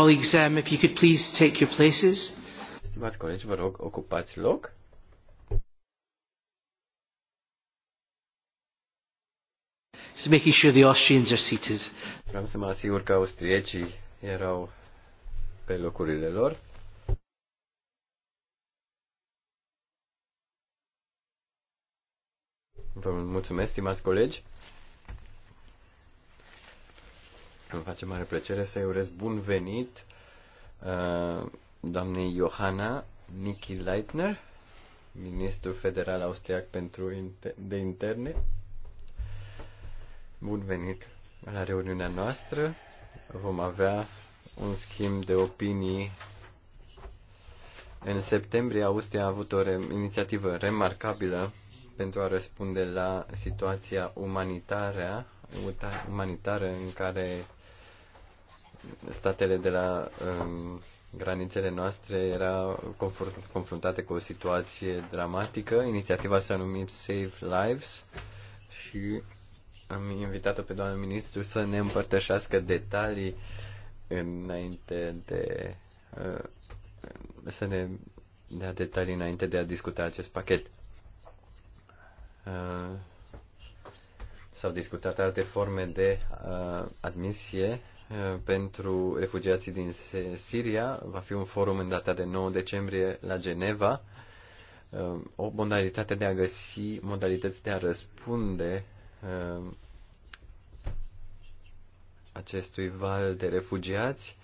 colleagues, um, if you could please take your places. Stimați colegi, vă rog, ocupați loc. Just making sure the Austrians are seated. Vreau să mă asigur că austriecii erau pe locurile lor. Vă mulțumesc, stimați colegi. Îmi face mare plăcere să-i urez bun venit uh, doamnei Johanna Niki Leitner, ministrul federal austriac pentru de interne. Bun venit la reuniunea noastră. Vom avea un schimb de opinii. În septembrie, Austria a avut o re- inițiativă remarcabilă pentru a răspunde la situația umanitară, umanitară în care statele de la um, granițele noastre era confruntate cu o situație dramatică. Inițiativa s-a numit Save Lives și am invitat-o pe doamna ministru să ne împărtășească detalii înainte de uh, să ne dea detalii înainte de a discuta acest pachet. Uh, s-au discutat alte forme de uh, admisie pentru refugiații din Siria. Va fi un forum în data de 9 decembrie la Geneva. Um, o modalitate de a găsi modalități de a răspunde um, acestui val de refugiați.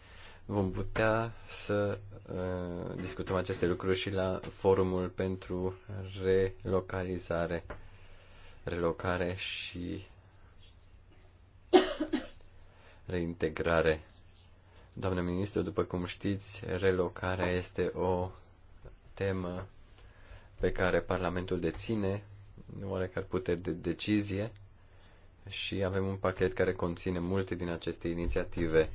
Vom putea să uh, discutăm aceste lucruri și la forumul pentru relocalizare, relocare și reintegrare. Doamne ministru, după cum știți, relocarea este o temă pe care Parlamentul deține oarecare puteri de decizie și avem un pachet care conține multe din aceste inițiative.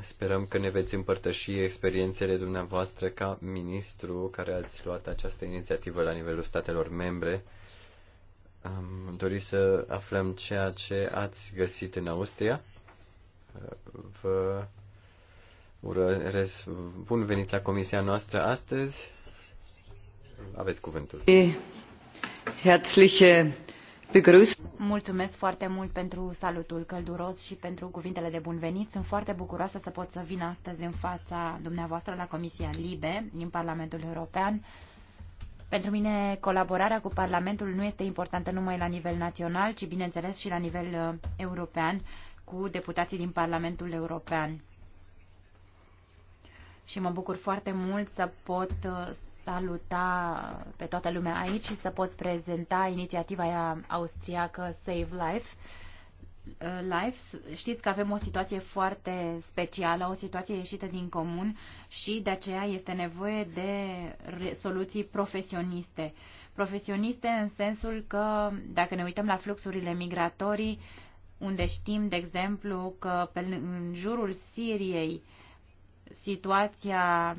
Sperăm că ne veți împărtăși experiențele dumneavoastră ca ministru care ați luat această inițiativă la nivelul statelor membre. Am dorit să aflăm ceea ce ați găsit în Austria Vă urez bun venit la comisia noastră astăzi. Aveți cuvântul. Herzliche Mulțumesc foarte mult pentru salutul călduros și pentru cuvintele de bun venit. Sunt foarte bucuroasă să pot să vin astăzi în fața dumneavoastră la Comisia Libe din Parlamentul European. Pentru mine, colaborarea cu Parlamentul nu este importantă numai la nivel național, ci bineînțeles și la nivel uh, european cu deputații din Parlamentul European. Și mă bucur foarte mult să pot uh, saluta pe toată lumea aici și să pot prezenta inițiativa austriacă Save Life. Uh, Life. Știți că avem o situație foarte specială, o situație ieșită din comun și de aceea este nevoie de soluții profesioniste. Profesioniste în sensul că, dacă ne uităm la fluxurile migratorii, unde știm, de exemplu, că pe, în jurul Siriei situația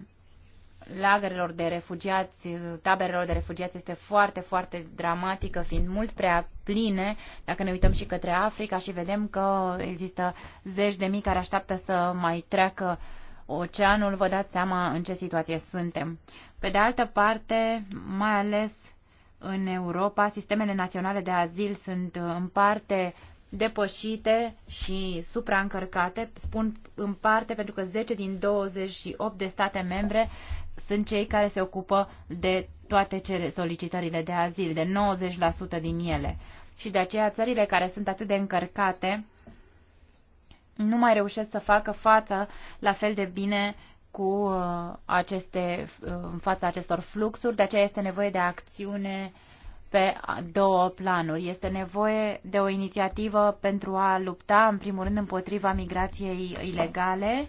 lagărilor de refugiați, taberelor de refugiați este foarte, foarte dramatică, fiind mult prea pline. Dacă ne uităm și către Africa și vedem că există zeci de mii care așteaptă să mai treacă oceanul, vă dați seama în ce situație suntem. Pe de altă parte, mai ales în Europa, sistemele naționale de azil sunt în parte depășite și supraîncărcate, spun în parte pentru că 10 din 28 de state membre sunt cei care se ocupă de toate solicitările de azil, de 90% din ele. Și de aceea țările care sunt atât de încărcate nu mai reușesc să facă față la fel de bine cu uh, aceste, uh, în fața acestor fluxuri, de aceea este nevoie de acțiune uh, pe două planuri. Este nevoie de o inițiativă pentru a lupta, în primul rând, împotriva migrației ilegale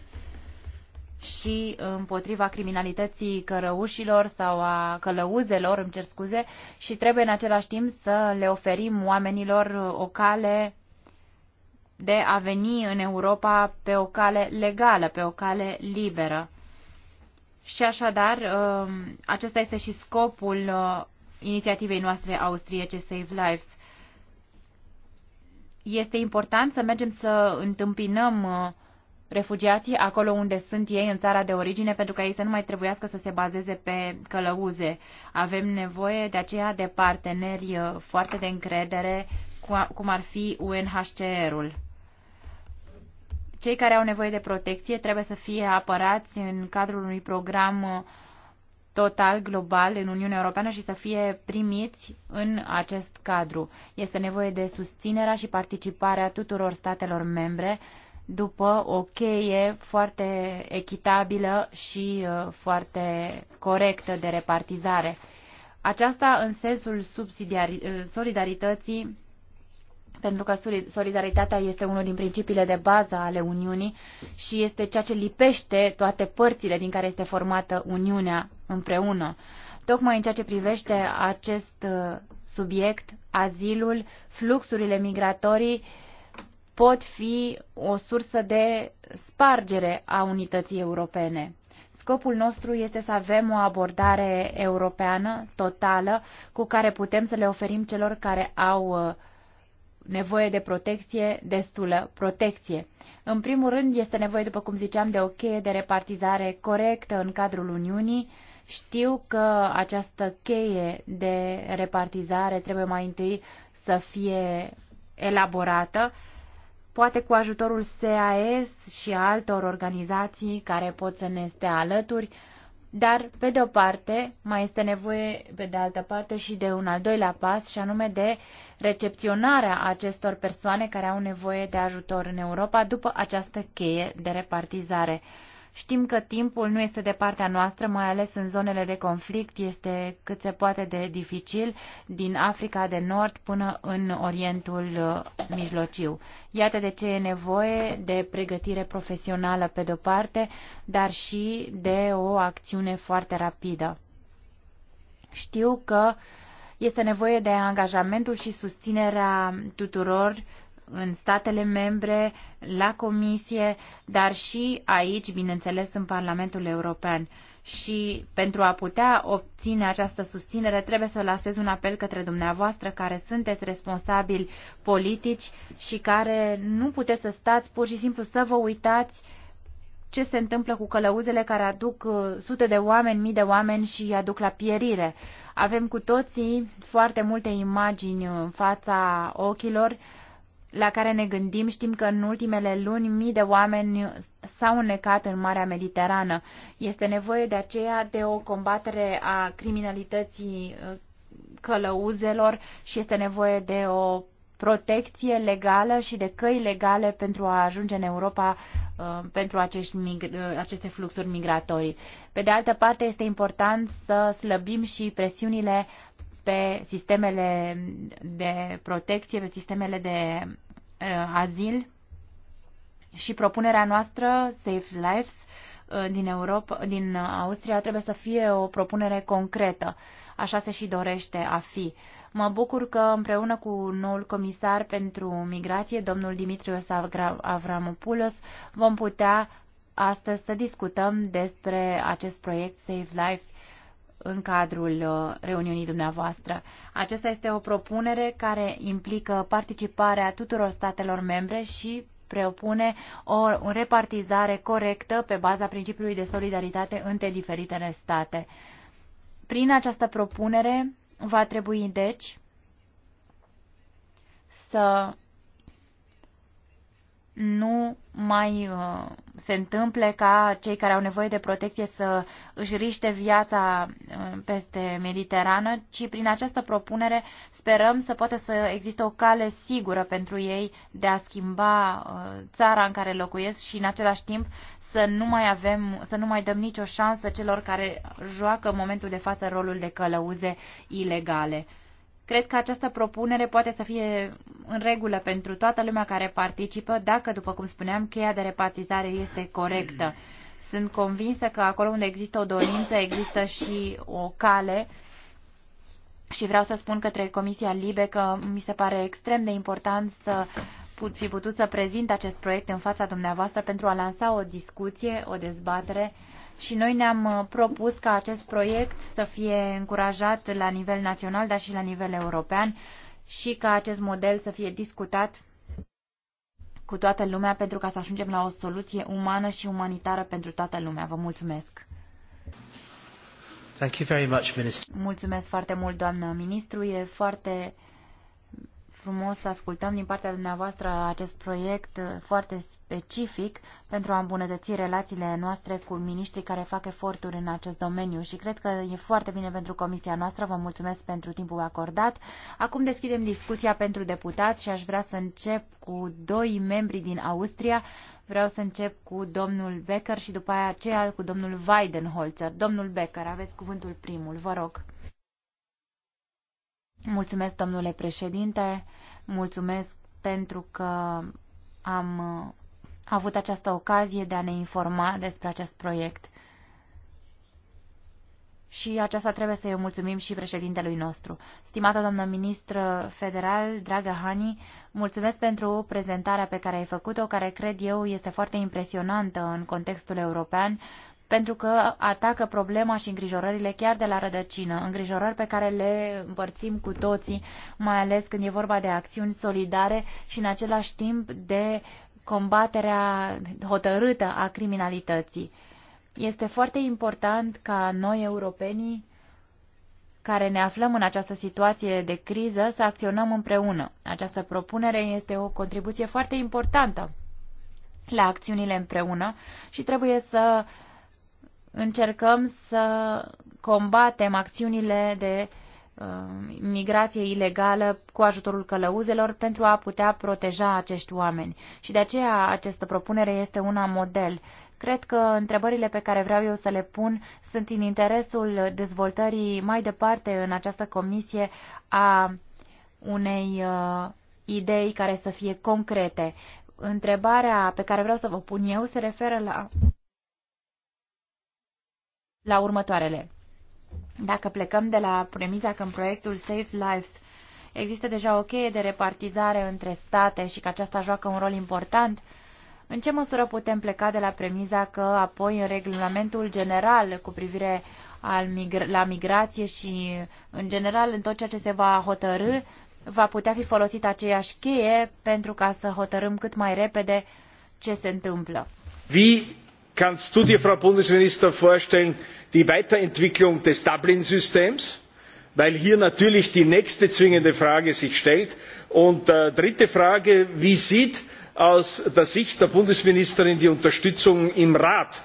și împotriva criminalității cărăușilor sau a călăuzelor, îmi cer scuze, și trebuie în același timp să le oferim oamenilor o cale de a veni în Europa pe o cale legală, pe o cale liberă. Și așadar, ă, acesta este și scopul ă, inițiativei noastre austriece Save Lives. Este important să mergem să întâmpinăm uh, refugiații acolo unde sunt ei în țara de origine pentru ca ei să nu mai trebuiască să se bazeze pe călăuze. Avem nevoie de aceea de parteneri uh, foarte de încredere, cum ar fi UNHCR-ul cei care au nevoie de protecție trebuie să fie apărați în cadrul unui program uh, total global în Uniunea Europeană și să fie primiți în acest cadru. Este nevoie de susținerea și participarea tuturor statelor membre după o cheie foarte echitabilă și uh, foarte corectă de repartizare. Aceasta în sensul uh, solidarității pentru că solidaritatea este unul din principiile de bază ale Uniunii și este ceea ce lipește toate părțile din care este formată Uniunea împreună. Tocmai în ceea ce privește acest uh, subiect, azilul, fluxurile migratorii pot fi o sursă de spargere a unității europene. Scopul nostru este să avem o abordare europeană totală cu care putem să le oferim celor care au uh, nevoie de protecție, destulă protecție. În primul rând, este nevoie, după cum ziceam, de o cheie de repartizare corectă în cadrul Uniunii. Știu că această cheie de repartizare trebuie mai întâi să fie elaborată, poate cu ajutorul SAS și altor organizații care pot să ne stea alături, dar, pe de o parte, mai este nevoie, pe de altă parte, și de un al doilea pas, și anume de recepționarea acestor persoane care au nevoie de ajutor în Europa după această cheie de repartizare. Știm că timpul nu este de partea noastră, mai ales în zonele de conflict, este cât se poate de dificil, din Africa de Nord până în Orientul uh, Mijlociu. Iată de ce e nevoie de pregătire profesională pe de-o parte, dar și de o acțiune foarte rapidă. Știu că este nevoie de angajamentul și susținerea tuturor în statele membre, la comisie, dar și aici, bineînțeles, în Parlamentul European. Și pentru a putea obține această susținere, trebuie să lasez un apel către dumneavoastră care sunteți responsabili politici și care nu puteți să stați pur și simplu să vă uitați ce se întâmplă cu călăuzele care aduc uh, sute de oameni, mii de oameni și aduc la pierire. Avem cu toții foarte multe imagini în fața ochilor la care ne gândim, știm că în ultimele luni mii de oameni s-au înnecat în Marea Mediterană. Este nevoie de aceea de o combatere a criminalității uh, călăuzelor și este nevoie de o protecție legală și de căi legale pentru a ajunge în Europa uh, pentru acești uh, aceste fluxuri migratorii. Pe de altă parte, este important să slăbim și presiunile pe sistemele de protecție, pe sistemele de Uh, azil și propunerea noastră, Safe Lives, uh, din, Europa, din Austria trebuie să fie o propunere concretă. Așa se și dorește a fi. Mă bucur că împreună cu noul comisar pentru migrație, domnul Dimitrios Avramopoulos, vom putea astăzi să discutăm despre acest proiect Save Life în cadrul uh, reuniunii dumneavoastră. Aceasta este o propunere care implică participarea tuturor statelor membre și propune o repartizare corectă pe baza principiului de solidaritate între diferitele state. Prin această propunere va trebui, deci, să nu mai uh, se întâmple ca cei care au nevoie de protecție să își riște viața uh, peste Mediterană, ci prin această propunere sperăm să poată să existe o cale sigură pentru ei de a schimba uh, țara în care locuiesc și în același timp să nu mai avem, să nu mai dăm nicio șansă celor care joacă în momentul de față rolul de călăuze ilegale. Cred că această propunere poate să fie în regulă pentru toată lumea care participă, dacă, după cum spuneam, cheia de repartizare este corectă. Sunt convinsă că acolo unde există o dorință, există și o cale și vreau să spun către Comisia Libe că mi se pare extrem de important să put, fi putut să prezint acest proiect în fața dumneavoastră pentru a lansa o discuție, o dezbatere și noi ne-am uh, propus ca acest proiect să fie încurajat la nivel național, dar și la nivel european și ca acest model să fie discutat cu toată lumea pentru ca să ajungem la o soluție umană și umanitară pentru toată lumea. Vă mulțumesc! Thank you very much, Minister. Mulțumesc foarte mult, doamnă ministru. E foarte frumos să ascultăm din partea dumneavoastră acest proiect uh, foarte specific pentru a îmbunătăți relațiile noastre cu miniștrii care fac eforturi în acest domeniu și cred că e foarte bine pentru comisia noastră. Vă mulțumesc pentru timpul acordat. Acum deschidem discuția pentru deputați și aș vrea să încep cu doi membri din Austria. Vreau să încep cu domnul Becker și după aceea cu domnul Weidenholzer. Domnul Becker, aveți cuvântul primul, vă rog. Mulțumesc, domnule președinte, mulțumesc pentru că am uh, avut această ocazie de a ne informa despre acest proiect. Și aceasta trebuie să-i mulțumim și președintelui nostru. Stimată doamnă ministră federal, dragă Hani, mulțumesc pentru prezentarea pe care ai făcut-o, care cred eu este foarte impresionantă în contextul european, pentru că atacă problema și îngrijorările chiar de la rădăcină, îngrijorări pe care le împărțim cu toții, mai ales când e vorba de acțiuni solidare și în același timp de combaterea hotărâtă a criminalității. Este foarte important ca noi, europenii, care ne aflăm în această situație de criză, să acționăm împreună. Această propunere este o contribuție foarte importantă la acțiunile împreună și trebuie să încercăm să combatem acțiunile de uh, migrație ilegală cu ajutorul călăuzelor pentru a putea proteja acești oameni. Și de aceea această propunere este una model. Cred că întrebările pe care vreau eu să le pun sunt în interesul dezvoltării mai departe în această comisie a unei uh, idei care să fie concrete. Întrebarea pe care vreau să vă pun eu se referă la la următoarele. Dacă plecăm de la premiza că în proiectul Safe Lives există deja o cheie de repartizare între state și că aceasta joacă un rol important, în ce măsură putem pleca de la premiza că apoi în regulamentul general cu privire al migr- la migrație și în general în tot ceea ce se va hotărâ va putea fi folosită aceeași cheie pentru ca să hotărâm cât mai repede ce se întâmplă? Wie kannst du dir frau bundesministerin vorstellen die weiterentwicklung des dublin systems weil hier natürlich die nächste zwingende frage sich stellt? und äh, dritte frage wie sieht aus der sicht der bundesministerin die unterstützung im rat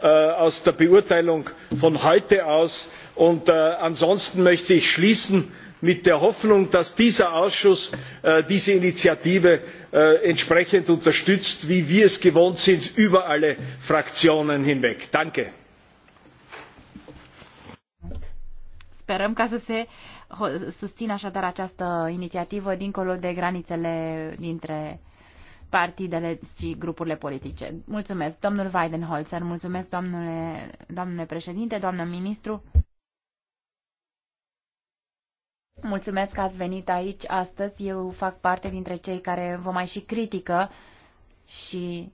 äh, aus der beurteilung von heute aus äh, ansonsten möchte ich schließen mit der hoffnung dass dieser ausschuss äh, diese initiative äh, entsprechend unterstützt wie wir es gewohnt sind über alle fraktionen hinweg. danke! sperăm ca să se susțină așadar această inițiativă dincolo de granițele dintre partidele și grupurile politice. Mulțumesc, domnul Weidenholzer, mulțumesc, domnule, domnule președinte, doamnă ministru. Mulțumesc că ați venit aici astăzi. Eu fac parte dintre cei care vă mai și critică și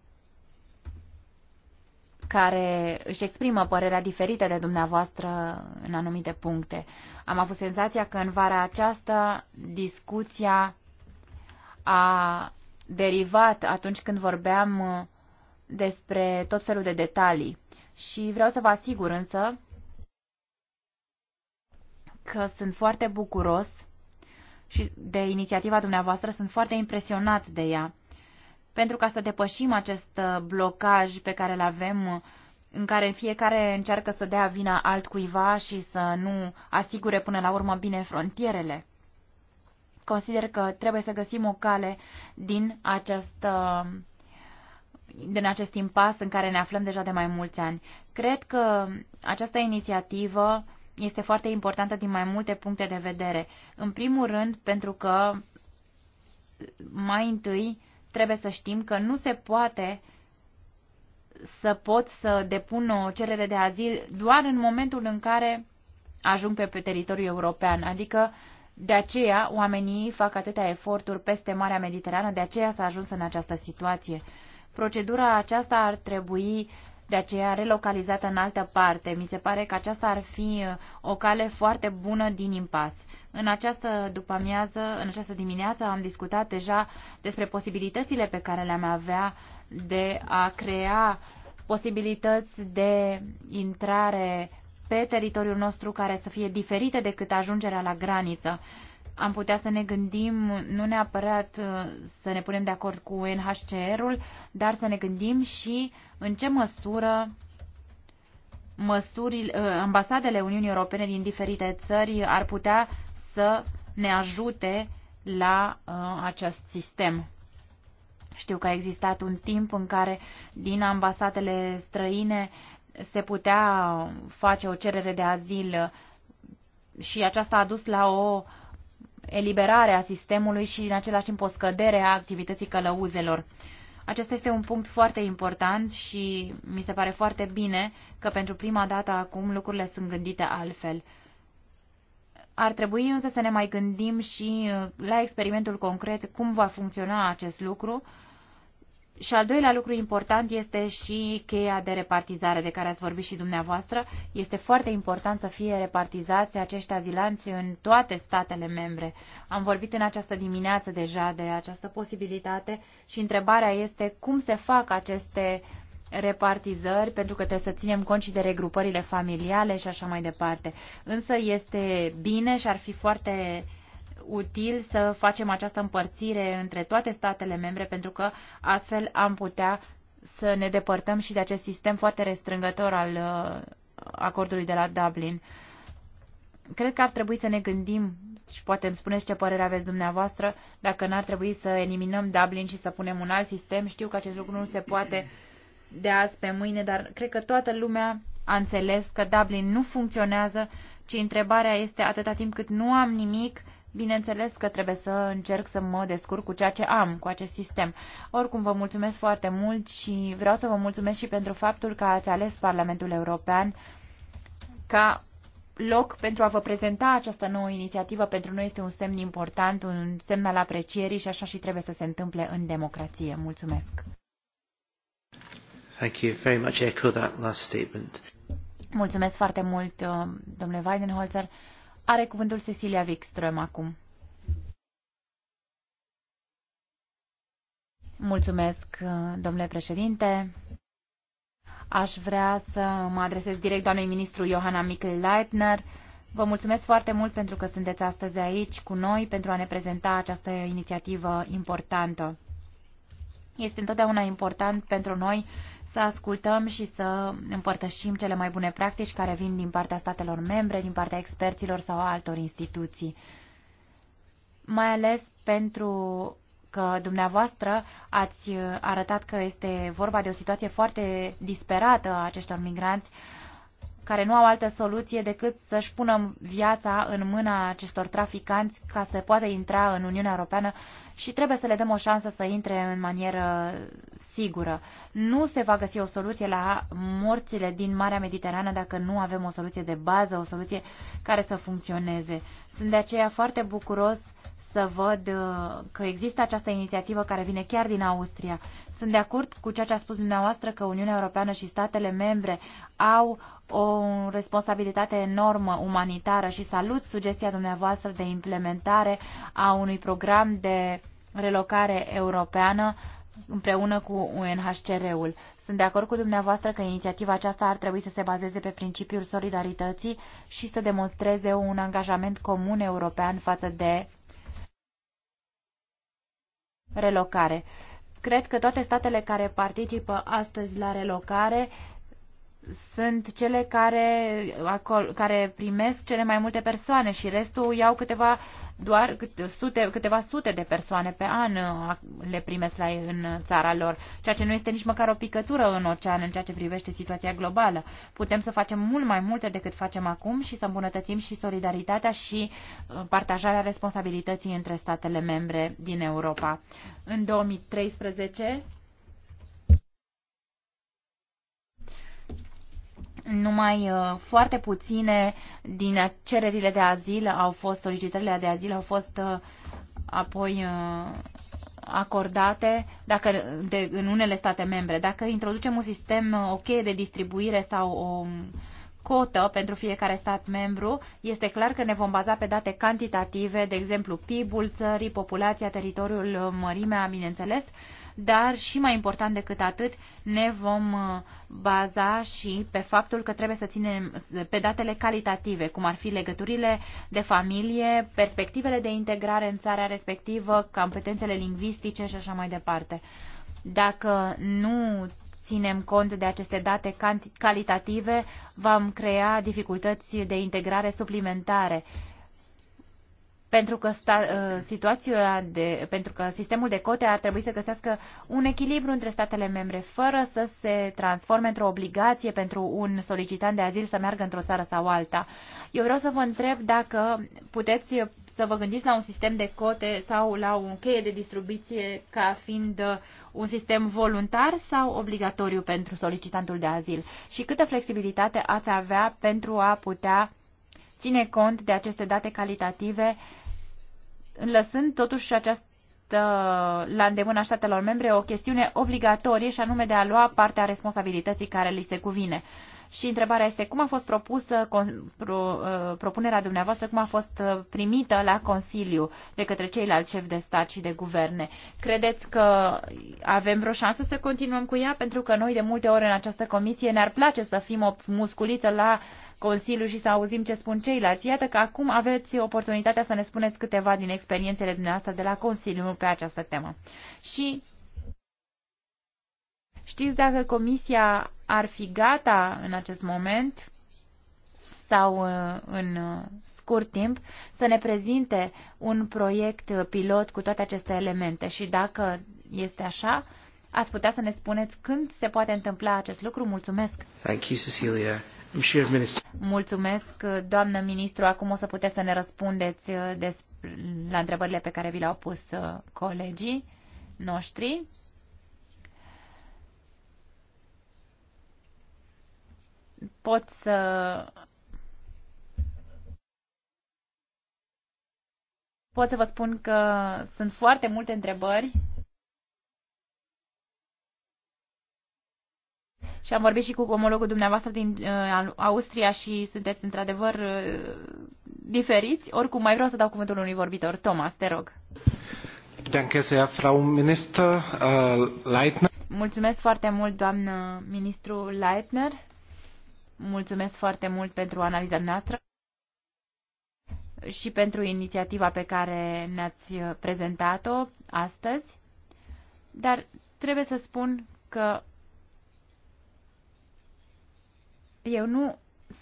care își exprimă părerea diferită de dumneavoastră în anumite puncte. Am avut senzația că în vara aceasta discuția a derivat atunci când vorbeam despre tot felul de detalii. Și vreau să vă asigur însă că sunt foarte bucuros și de inițiativa dumneavoastră, sunt foarte impresionat de ea. Pentru ca să depășim acest uh, blocaj pe care îl avem, în care fiecare încearcă să dea vina altcuiva și să nu asigure până la urmă bine frontierele. Consider că trebuie să găsim o cale din acest uh, din acest impas în care ne aflăm deja de mai mulți ani. Cred că această inițiativă este foarte importantă din mai multe puncte de vedere. În primul rând, pentru că mai întâi trebuie să știm că nu se poate să pot să depun o cerere de azil doar în momentul în care ajung pe, teritoriul european. Adică de aceea oamenii fac atâtea eforturi peste Marea Mediterană, de aceea s-a ajuns în această situație. Procedura aceasta ar trebui de aceea relocalizată în altă parte. Mi se pare că aceasta ar fi uh, o cale foarte bună din impas. În această după-amiază, în această dimineață am discutat deja despre posibilitățile pe care le-am avea de a crea posibilități de intrare pe teritoriul nostru care să fie diferite decât ajungerea la graniță am putea să ne gândim, nu neapărat uh, să ne punem de acord cu NHCR-ul, dar să ne gândim și în ce măsură măsurile, uh, ambasadele Uniunii Europene din diferite țări ar putea să ne ajute la uh, acest sistem. Știu că a existat un timp în care din ambasadele străine se putea face o cerere de azil și aceasta a dus la o uh, eliberare a sistemului și în același timp o scădere a activității călăuzelor. Acesta este un punct foarte important și mi se pare foarte bine că pentru prima dată acum lucrurile sunt gândite altfel. Ar trebui însă să ne mai gândim și uh, la experimentul concret cum va funcționa acest lucru și al doilea lucru important este și cheia de repartizare de care ați vorbit și dumneavoastră. Este foarte important să fie repartizați acești azilanți în toate statele membre. Am vorbit în această dimineață deja de această posibilitate și întrebarea este cum se fac aceste repartizări, pentru că trebuie să ținem cont și de regrupările familiale și așa mai departe. Însă este bine și ar fi foarte util să facem această împărțire între toate statele membre, pentru că astfel am putea să ne depărtăm și de acest sistem foarte restrângător al uh, acordului de la Dublin. Cred că ar trebui să ne gândim și poate îmi spuneți ce părere aveți dumneavoastră dacă n-ar trebui să eliminăm Dublin și să punem un alt sistem. Știu că acest lucru nu se poate de azi pe mâine, dar cred că toată lumea a înțeles că Dublin nu funcționează, ci întrebarea este atâta timp cât nu am nimic, Bineînțeles că trebuie să încerc să mă descurc cu ceea ce am, cu acest sistem. Oricum, vă mulțumesc foarte mult și vreau să vă mulțumesc și pentru faptul că ați ales Parlamentul European ca loc pentru a vă prezenta această nouă inițiativă. Pentru noi este un semn important, un semn al aprecierii și așa și trebuie să se întâmple în democrație. Mulțumesc! Thank you very much. Echo that last statement. Mulțumesc foarte mult, uh, domnule Weidenholzer. Are cuvântul Cecilia Wikström acum. Mulțumesc, domnule președinte. Aș vrea să mă adresez direct doamnei ministru Johanna Mikl-Leitner. Vă mulțumesc foarte mult pentru că sunteți astăzi aici cu noi pentru a ne prezenta această inițiativă importantă. Este întotdeauna important pentru noi să ascultăm și să împărtășim cele mai bune practici care vin din partea statelor membre, din partea experților sau altor instituții. Mai ales pentru că dumneavoastră ați arătat că este vorba de o situație foarte disperată a aceștor migranți care nu au altă soluție decât să-și pună viața în mâna acestor traficanți ca să poată intra în Uniunea Europeană și trebuie să le dăm o șansă să intre în manieră sigură. Nu se va găsi o soluție la morțile din Marea Mediterană dacă nu avem o soluție de bază, o soluție care să funcționeze. Sunt de aceea foarte bucuros să văd uh, că există această inițiativă care vine chiar din Austria sunt de acord cu ceea ce a spus dumneavoastră că Uniunea Europeană și statele membre au o responsabilitate enormă umanitară și salut sugestia dumneavoastră de implementare a unui program de relocare europeană împreună cu UNHCR-ul. Sunt de acord cu dumneavoastră că inițiativa aceasta ar trebui să se bazeze pe principiul solidarității și să demonstreze un angajament comun european față de relocare. Cred că toate statele care participă astăzi la relocare sunt cele care, acolo, care primesc cele mai multe persoane și restul iau câteva, doar câte, sute, câteva sute de persoane pe an uh, le primesc la, în țara lor, ceea ce nu este nici măcar o picătură în ocean în ceea ce privește situația globală. Putem să facem mult mai multe decât facem acum și să îmbunătățim și solidaritatea și uh, partajarea responsabilității între statele membre din Europa. În 2013 numai uh, foarte puține din cererile de azil au fost, solicitările de azil au fost uh, apoi uh, acordate dacă, de, în unele state membre. Dacă introducem un sistem, o cheie de distribuire sau o cotă pentru fiecare stat membru, este clar că ne vom baza pe date cantitative, de exemplu PIB-ul țării, populația, teritoriul, mărimea, bineînțeles, uh, dar și mai important decât atât ne vom uh, baza și pe faptul că trebuie să ținem pe datele calitative, cum ar fi legăturile de familie, perspectivele de integrare în țara respectivă, competențele lingvistice și așa mai departe. Dacă nu ținem cont de aceste date calitative, vom crea dificultăți de integrare suplimentare pentru că sta, uh, situația de, pentru că sistemul de cote ar trebui să găsească un echilibru între statele membre, fără să se transforme într-o obligație pentru un solicitant de azil să meargă într-o țară sau alta. Eu vreau să vă întreb dacă puteți să vă gândiți la un sistem de cote sau la o cheie de distribuție ca fiind uh, un sistem voluntar sau obligatoriu pentru solicitantul de azil și câtă flexibilitate ați avea pentru a putea ține cont de aceste date calitative, lăsând totuși această la îndemâna statelor membre o chestiune obligatorie și anume de a lua partea responsabilității care li se cuvine. Și întrebarea este cum a fost propusă pro, uh, propunerea dumneavoastră, cum a fost uh, primită la Consiliu de către ceilalți șefi de stat și de guverne. Credeți că avem vreo șansă să continuăm cu ea? Pentru că noi de multe ori în această comisie ne-ar place să fim o musculiță la uh, Consiliu și să auzim ce spun ceilalți. Iată că acum aveți oportunitatea să ne spuneți câteva din experiențele dumneavoastră de la Consiliu pe această temă. Și știți dacă Comisia ar fi gata în acest moment sau uh, în uh, scurt timp să ne prezinte un proiect uh, pilot cu toate aceste elemente și dacă este așa, ați putea să ne spuneți când se poate întâmpla acest lucru? Mulțumesc! Thank you, Cecilia. Mulțumesc, doamnă ministru. Acum o să puteți să ne răspundeți uh, la întrebările pe care vi le-au pus uh, colegii noștri. Pot să pot să vă spun că sunt foarte multe întrebări și am vorbit și cu omologul dumneavoastră din uh, Austria și sunteți într-adevăr uh, diferiți. Oricum, mai vreau să dau cuvântul unui vorbitor. Thomas, te rog. Danke sehr, Frau Minister uh, Leitner. Mulțumesc foarte mult, doamnă ministru Leitner. Mulțumesc foarte mult pentru analiza noastră și pentru inițiativa pe care ne-ați prezentat-o astăzi. Dar trebuie să spun că Eu nu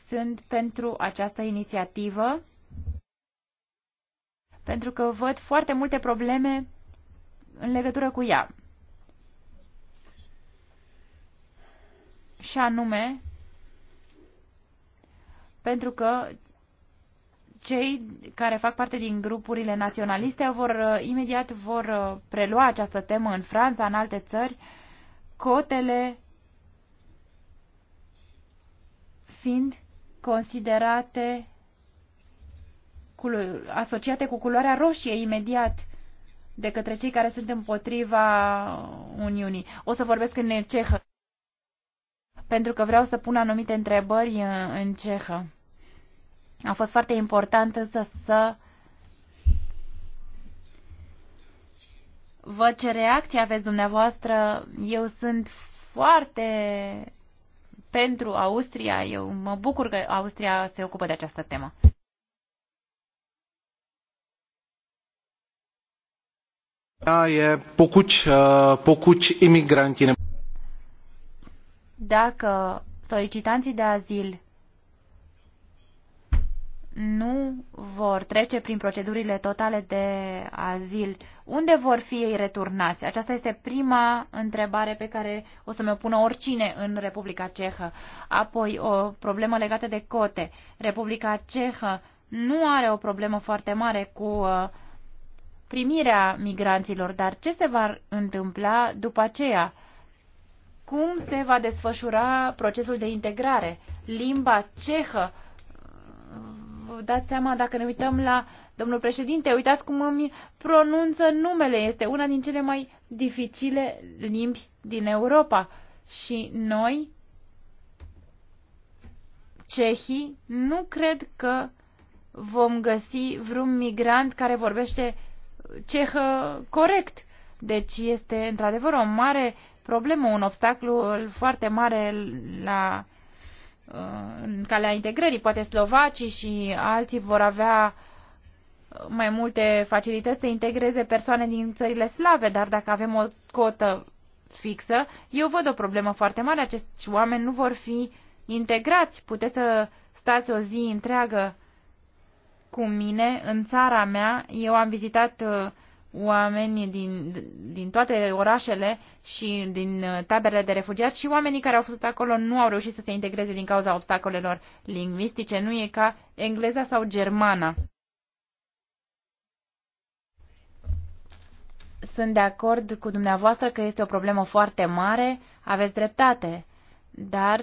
sunt pentru această inițiativă pentru că văd foarte multe probleme în legătură cu ea. Și anume, pentru că cei care fac parte din grupurile naționaliste vor uh, imediat vor uh, prelua această temă în Franța, în alte țări, cotele fiind considerate cu, asociate cu culoarea roșie imediat de către cei care sunt împotriva Uniunii. O să vorbesc în cehă, pentru că vreau să pun anumite întrebări în cehă. A fost foarte important însă să văd ce reacție aveți dumneavoastră. Eu sunt foarte pentru Austria. Eu mă bucur că Austria se ocupă de această temă. Da, e pokud, uh, pocuci imigranti... Dacă solicitanții de azil nu vor trece prin procedurile totale de azil, unde vor fi ei returnați? Aceasta este prima întrebare pe care o să mi-o pună oricine în Republica Cehă. Apoi, o problemă legată de cote. Republica Cehă nu are o problemă foarte mare cu uh, primirea migranților, dar ce se va întâmpla după aceea? Cum se va desfășura procesul de integrare? Limba cehă dați seama, dacă ne uităm la domnul președinte, uitați cum îmi pronunță numele. Este una din cele mai dificile limbi din Europa. Și noi, cehii, nu cred că vom găsi vreun migrant care vorbește cehă corect. Deci este într-adevăr o mare problemă, un obstacol foarte mare la în calea integrării. Poate slovacii și alții vor avea mai multe facilități să integreze persoane din țările slave, dar dacă avem o cotă fixă, eu văd o problemă foarte mare. Acești oameni nu vor fi integrați. Puteți să stați o zi întreagă cu mine în țara mea. Eu am vizitat uh, oamenii din, din toate orașele și din uh, taberele de refugiați și oamenii care au fost acolo nu au reușit să se integreze din cauza obstacolelor lingvistice. Nu e ca engleza sau germana. Sunt de acord cu dumneavoastră că este o problemă foarte mare, aveți dreptate, dar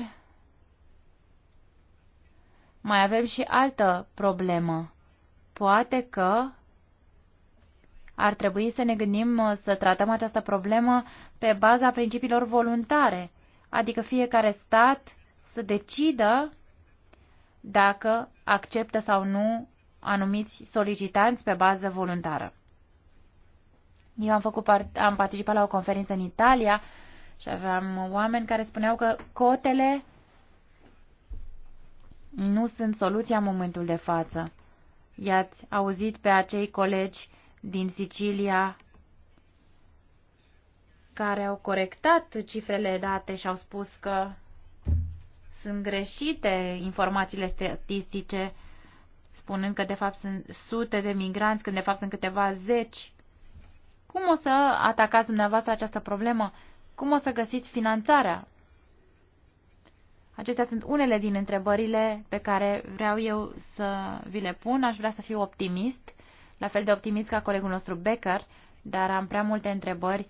mai avem și altă problemă. Poate că ar trebui să ne gândim uh, să tratăm această problemă pe baza principiilor voluntare, adică fiecare stat să decidă dacă acceptă sau nu anumiți solicitanți pe bază voluntară. Eu am, făcut part, am participat la o conferință în Italia și aveam oameni care spuneau că cotele nu sunt soluția în momentul de față. I-ați auzit pe acei colegi din Sicilia care au corectat cifrele date și au spus că sunt greșite informațiile statistice, spunând că de fapt sunt sute de migranți, când de fapt sunt câteva zeci. Cum o să atacați dumneavoastră această problemă? Cum o să găsiți finanțarea? Acestea sunt unele din întrebările pe care vreau eu să vi le pun. Aș vrea să fiu optimist la fel de optimist ca colegul nostru Becker, dar am prea multe întrebări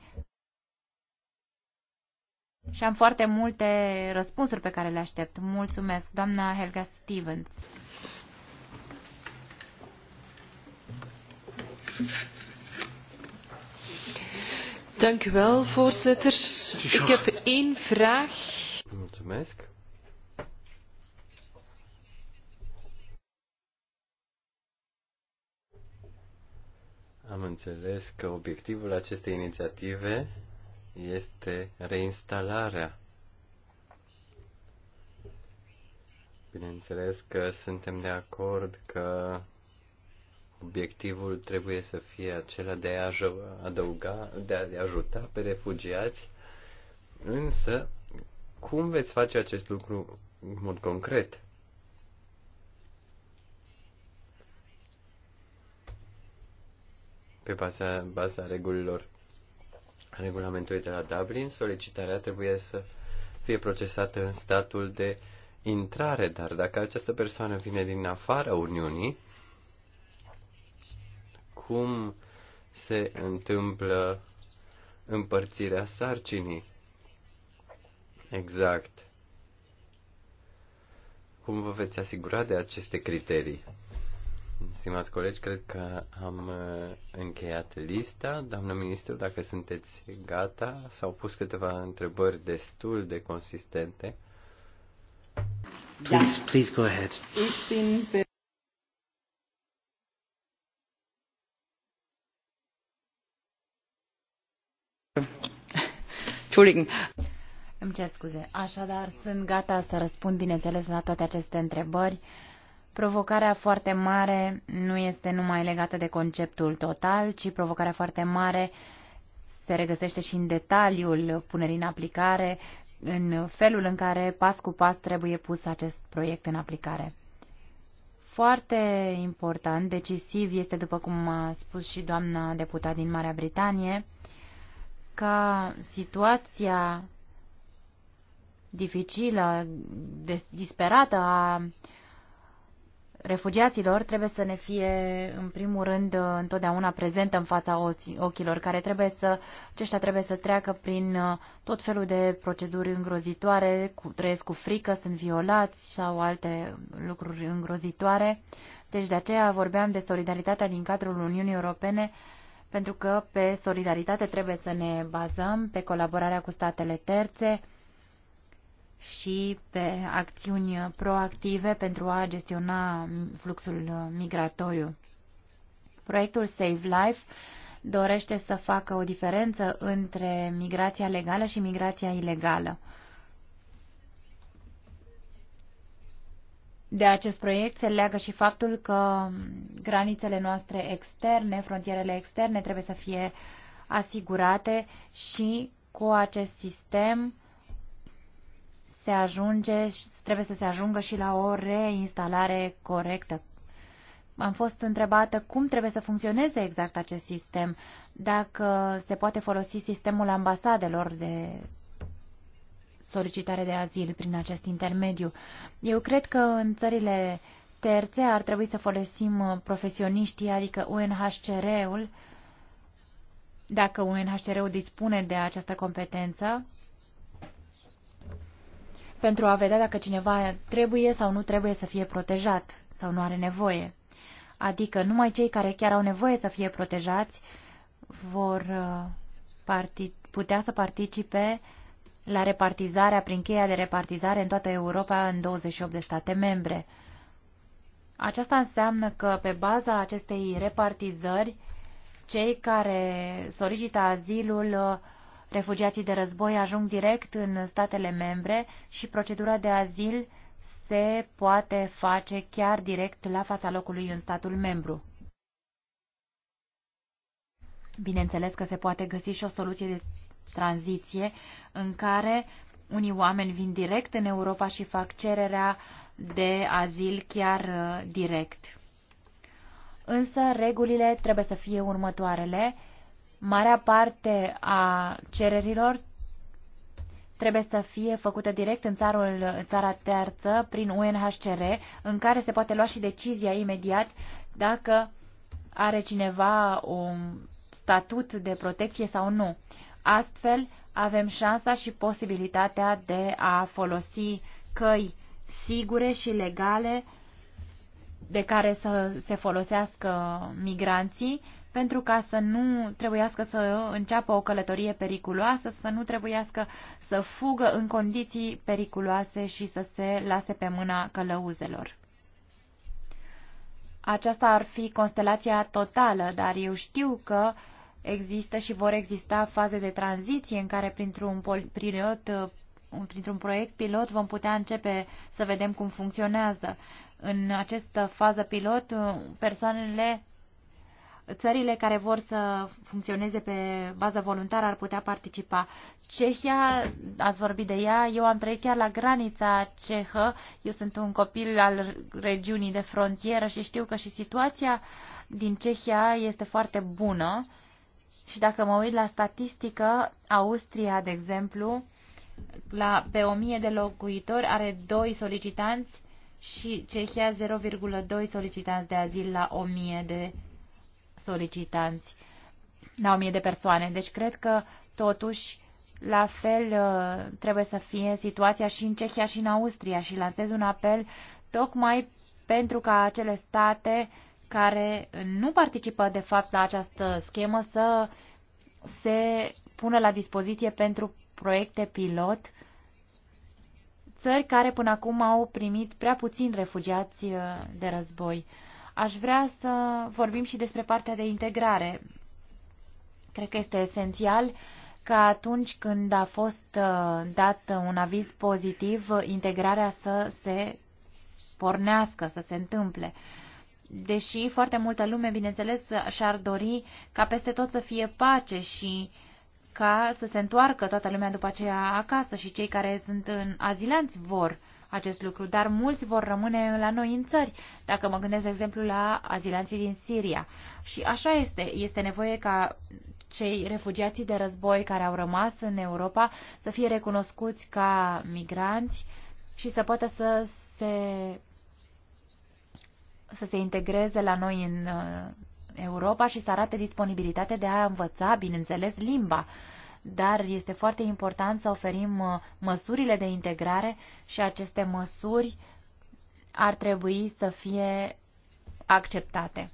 și am foarte multe răspunsuri pe care le aștept. Mulțumesc, doamna Helga Stevens. Dank u wel, voorzitter. Ik heb één vraag. Mulțumesc. Am înțeles că obiectivul acestei inițiative este reinstalarea. Bineînțeles că suntem de acord că obiectivul trebuie să fie acela de a adăuga, de a ajuta pe refugiați, însă cum veți face acest lucru în mod concret? Pe baza, baza regulilor regulamentului de la Dublin, solicitarea trebuie să fie procesată în statul de intrare, dar dacă această persoană vine din afara Uniunii, cum se întâmplă împărțirea sarcinii? Exact. Cum vă veți asigura de aceste criterii? Stimați colegi, cred că am uh, încheiat lista. Doamnă ministru, dacă sunteți gata, s-au pus câteva întrebări destul de consistente. Please, da. please go ahead. Entschuldigen. Îmi cer scuze. Așadar, sunt gata să răspund, bineînțeles, la toate aceste întrebări. Provocarea foarte mare nu este numai legată de conceptul total, ci provocarea foarte mare se regăsește și în detaliul punerii în aplicare, în felul în care pas cu pas trebuie pus acest proiect în aplicare. Foarte important, decisiv este, după cum a spus și doamna deputat din Marea Britanie, ca situația dificilă, disperată a refugiaților trebuie să ne fie, în primul rând, întotdeauna prezentă în fața ochilor, care trebuie să, aceștia trebuie să treacă prin uh, tot felul de proceduri îngrozitoare, cu, trăiesc cu frică, sunt violați sau alte lucruri îngrozitoare. Deci de aceea vorbeam de solidaritatea din cadrul Uniunii Europene, pentru că pe solidaritate trebuie să ne bazăm, pe colaborarea cu statele terțe, și pe acțiuni proactive pentru a gestiona fluxul migratoriu. Proiectul Save Life dorește să facă o diferență între migrația legală și migrația ilegală. De acest proiect se leagă și faptul că granițele noastre externe, frontierele externe trebuie să fie asigurate și cu acest sistem uh, se ajunge, trebuie să se ajungă și la o reinstalare corectă. Am fost întrebată cum trebuie să funcționeze exact acest sistem, dacă se poate folosi sistemul ambasadelor de solicitare de azil prin acest intermediu. Eu cred că în țările terțe ar trebui să folosim profesioniștii, adică UNHCR-ul, dacă UNHCR-ul dispune de această competență, pentru a vedea dacă cineva trebuie sau nu trebuie să fie protejat sau nu are nevoie. Adică numai cei care chiar au nevoie să fie protejați vor uh, putea să participe la repartizarea, prin cheia de repartizare în toată Europa, în 28 de state membre. Aceasta înseamnă că pe baza acestei repartizări, cei care solicită azilul uh, Refugiații de război ajung direct în statele membre și procedura de azil se poate face chiar direct la fața locului în statul membru. Bineînțeles că se poate găsi și o soluție de tranziție în care unii oameni vin direct în Europa și fac cererea de azil chiar uh, direct. Însă regulile trebuie să fie următoarele marea parte a cererilor trebuie să fie făcută direct în țarul, țara terță prin UNHCR, în care se poate lua și decizia imediat dacă are cineva un statut de protecție sau nu. Astfel, avem șansa și posibilitatea de a folosi căi sigure și legale de care să se folosească migranții pentru ca să nu trebuiască să înceapă o călătorie periculoasă, să nu trebuiască să fugă în condiții periculoase și să se lase pe mâna călăuzelor. Aceasta ar fi constelația totală, dar eu știu că există și vor exista faze de tranziție în care printr-un pilot uh, printr-un proiect pilot vom putea începe să vedem cum funcționează. În această fază pilot, uh, persoanele țările care vor să funcționeze pe bază voluntară ar putea participa. Cehia, ați vorbit de ea, eu am trăit chiar la granița cehă, eu sunt un copil al regiunii de frontieră și știu că și situația din Cehia este foarte bună și dacă mă uit la statistică, Austria, de exemplu, la, pe 1000 de locuitori are 2 solicitanți și Cehia 0,2 solicitanți de azil la 1000 de solicitanți la 1000 de persoane. Deci cred că totuși la fel uh, trebuie să fie situația și în Cehia și în Austria și lansez un apel tocmai pentru ca acele state care nu participă de fapt la această schemă să se pună la dispoziție pentru proiecte pilot țări care până acum au primit prea puțini refugiați uh, de război. Aș vrea să vorbim și despre partea de integrare. Cred că este esențial ca atunci când a fost uh, dat un aviz pozitiv, integrarea să se pornească, să se întâmple. Deși foarte multă lume, bineînțeles, și-ar dori ca peste tot să fie pace și ca să se întoarcă toată lumea după aceea acasă și cei care sunt în azilanți vor uh, acest lucru, dar mulți vor rămâne la noi în țări, dacă mă gândesc, de exemplu, la azilanții din Siria. Și așa este, este nevoie ca cei refugiații de război care au rămas în Europa să fie recunoscuți ca migranți și să poată să se, să se integreze la noi în uh, Europa și să arate disponibilitate de a învăța, bineînțeles, limba dar este foarte important să oferim uh, măsurile de integrare și aceste măsuri ar trebui să fie acceptate.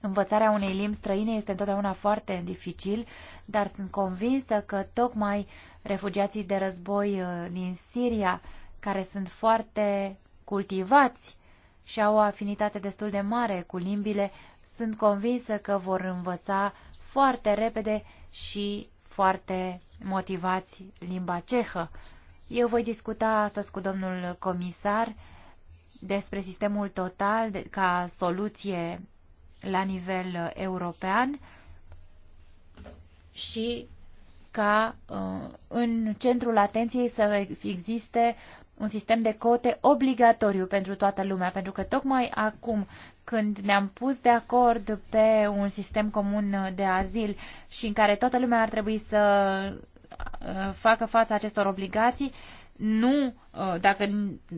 Învățarea unei limbi străine este întotdeauna foarte dificil, dar sunt convinsă că tocmai refugiații de război uh, din Siria, care sunt foarte cultivați și au o afinitate destul de mare cu limbile, sunt convinsă că vor învăța foarte repede și foarte motivați limba cehă. Eu voi discuta astăzi cu domnul comisar despre sistemul total ca soluție la nivel european și ca uh, în centrul atenției să existe un sistem de cote obligatoriu pentru toată lumea, pentru că tocmai acum când ne-am pus de acord pe un sistem comun de azil și în care toată lumea ar trebui să uh, facă față acestor obligații, nu, uh, dacă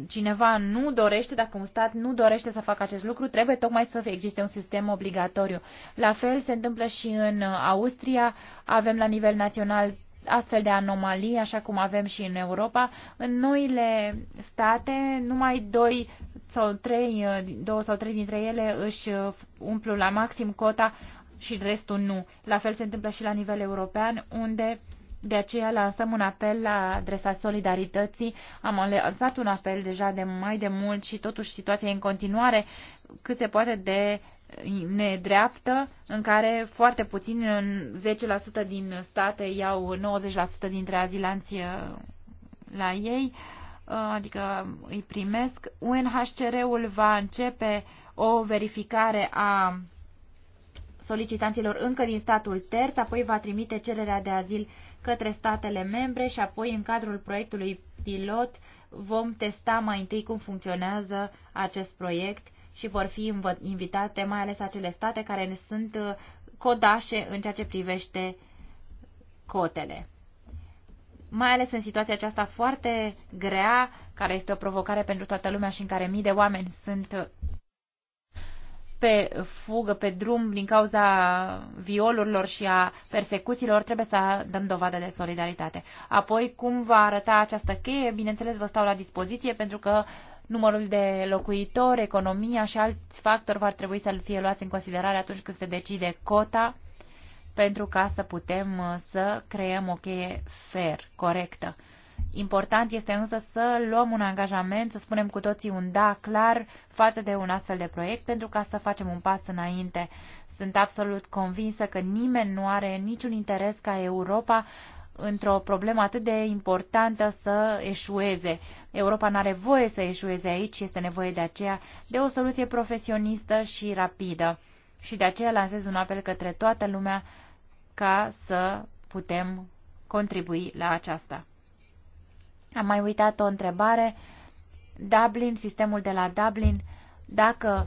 cineva nu dorește, dacă un stat nu dorește să facă acest lucru, trebuie tocmai să existe un sistem obligatoriu. La fel se întâmplă și în Austria. Avem la nivel național astfel de anomalii, așa cum avem și în Europa. În noile state, numai doi sau trei, două sau trei dintre ele își umplu la maxim cota și restul nu. La fel se întâmplă și la nivel european, unde de aceea lansăm un apel la adresa solidarității. Am lansat un apel deja de mai de mult și totuși situația e în continuare cât se poate de nedreaptă în care foarte puțin, 10% din state iau 90% dintre azilanții uh, la ei, uh, adică îi primesc. UNHCR-ul va începe o verificare a solicitanților încă din statul terț, apoi va trimite cererea de azil către statele membre și apoi în cadrul proiectului pilot vom testa mai întâi cum funcționează acest proiect și vor fi invitate mai ales acele state care ne sunt uh, codașe în ceea ce privește cotele. Mai ales în situația aceasta foarte grea, care este o provocare pentru toată lumea și în care mii de oameni sunt uh, pe fugă, pe drum, din cauza violurilor și a persecuțiilor, trebuie să dăm dovadă de solidaritate. Apoi, cum va arăta această cheie? Bineînțeles, vă stau la dispoziție pentru că uh, numărul de locuitori, economia și alți factori va trebui să fie luați în considerare atunci când se decide cota pentru ca să putem uh, să creăm o cheie fair, corectă. Important este însă să luăm un angajament, să spunem cu toții un da clar față de un astfel de proiect pentru ca să facem un pas înainte. Sunt absolut convinsă că nimeni nu are niciun interes ca Europa într-o problemă atât de importantă să eșueze. Europa nu are voie să eșueze aici, este nevoie de aceea de o soluție profesionistă și rapidă. Și de aceea lansez un apel către toată lumea ca să putem contribui la aceasta. Am mai uitat o întrebare. Dublin, sistemul de la Dublin, dacă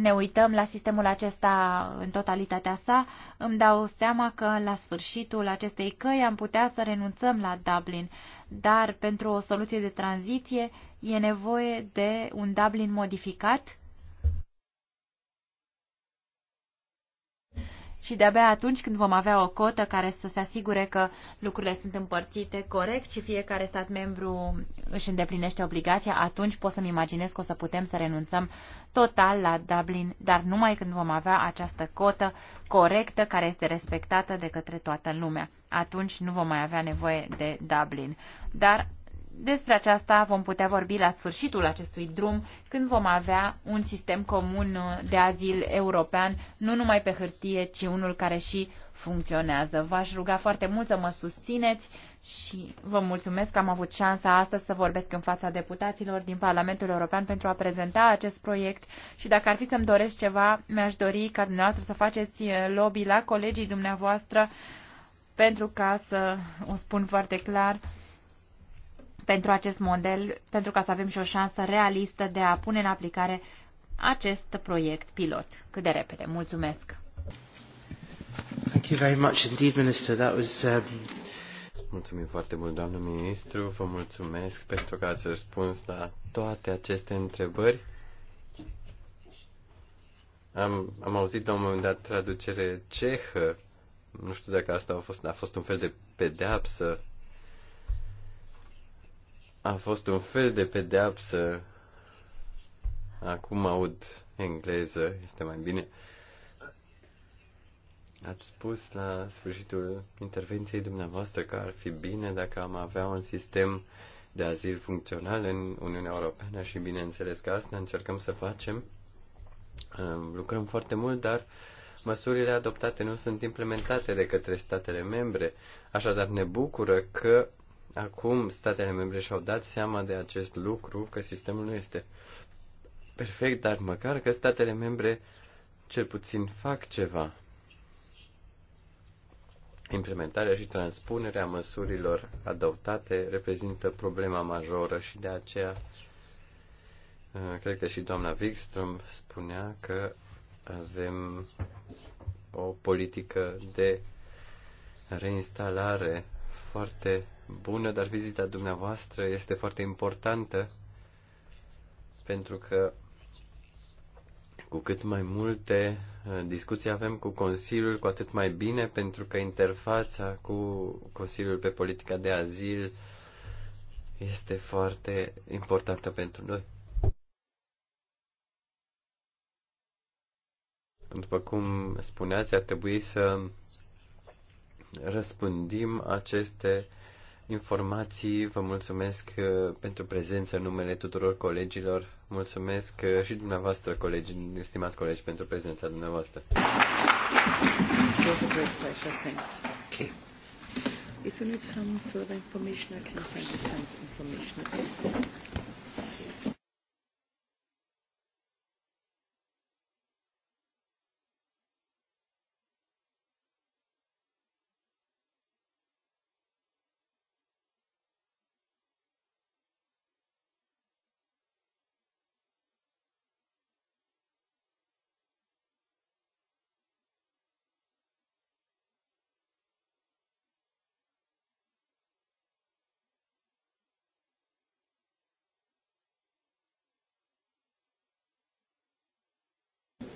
ne uităm la sistemul acesta în totalitatea sa, îmi dau seama că la sfârșitul acestei căi am putea să renunțăm la Dublin, dar pentru o soluție de tranziție e nevoie de un Dublin modificat și de-abia atunci când vom avea o cotă care să se asigure că lucrurile sunt împărțite corect și fiecare stat membru își îndeplinește obligația, atunci pot să-mi imaginez că o să putem să renunțăm total la Dublin, dar numai când vom avea această cotă corectă care este respectată de către toată lumea. Atunci nu vom mai avea nevoie de Dublin. Dar despre aceasta vom putea vorbi la sfârșitul acestui drum, când vom avea un sistem comun de azil european, nu numai pe hârtie, ci unul care și funcționează. V-aș ruga foarte mult să mă susțineți și vă mulțumesc că am avut șansa astăzi să vorbesc în fața deputaților din Parlamentul European pentru a prezenta acest proiect și dacă ar fi să-mi doresc ceva, mi-aș dori ca dumneavoastră să faceți eh, lobby la colegii dumneavoastră pentru ca să o spun foarte clar pentru acest model, pentru ca să avem și o șansă realistă de a pune în aplicare acest proiect pilot cât de repede. Mulțumesc! Thank you very much indeed, Minister. That was, um... Mulțumim foarte mult, doamnă ministru. Vă mulțumesc pentru că ați răspuns la toate aceste întrebări. Am, am auzit la un moment dat traducere cehă. Nu știu dacă asta a fost, a fost un fel de pedeapsă a fost un fel de pedeapsă. Acum aud engleză, este mai bine. Ați spus la sfârșitul intervenției dumneavoastră că ar fi bine dacă am avea un sistem de azil funcțional în Uniunea Europeană și bineînțeles că asta încercăm să facem. Lucrăm foarte mult, dar măsurile adoptate nu sunt implementate de către statele membre. Așadar ne bucură că Acum statele membre și-au dat seama de acest lucru, că sistemul nu este perfect, dar măcar că statele membre cel puțin fac ceva. Implementarea și transpunerea măsurilor adoptate reprezintă problema majoră și de aceea uh, cred că și doamna Wikström spunea că avem o politică de reinstalare foarte bună, dar vizita dumneavoastră este foarte importantă pentru că cu cât mai multe uh, discuții avem cu Consiliul, cu atât mai bine, pentru că interfața cu Consiliul pe politica de azil este foarte importantă pentru noi. După cum spuneați, ar trebui să răspândim aceste uh, informații. Vă mulțumesc uh, pentru prezență în numele tuturor colegilor. Mulțumesc uh, și dumneavoastră, colegi, stimați colegi, pentru prezența dumneavoastră. If you need some further information, I can send you some information. Okay?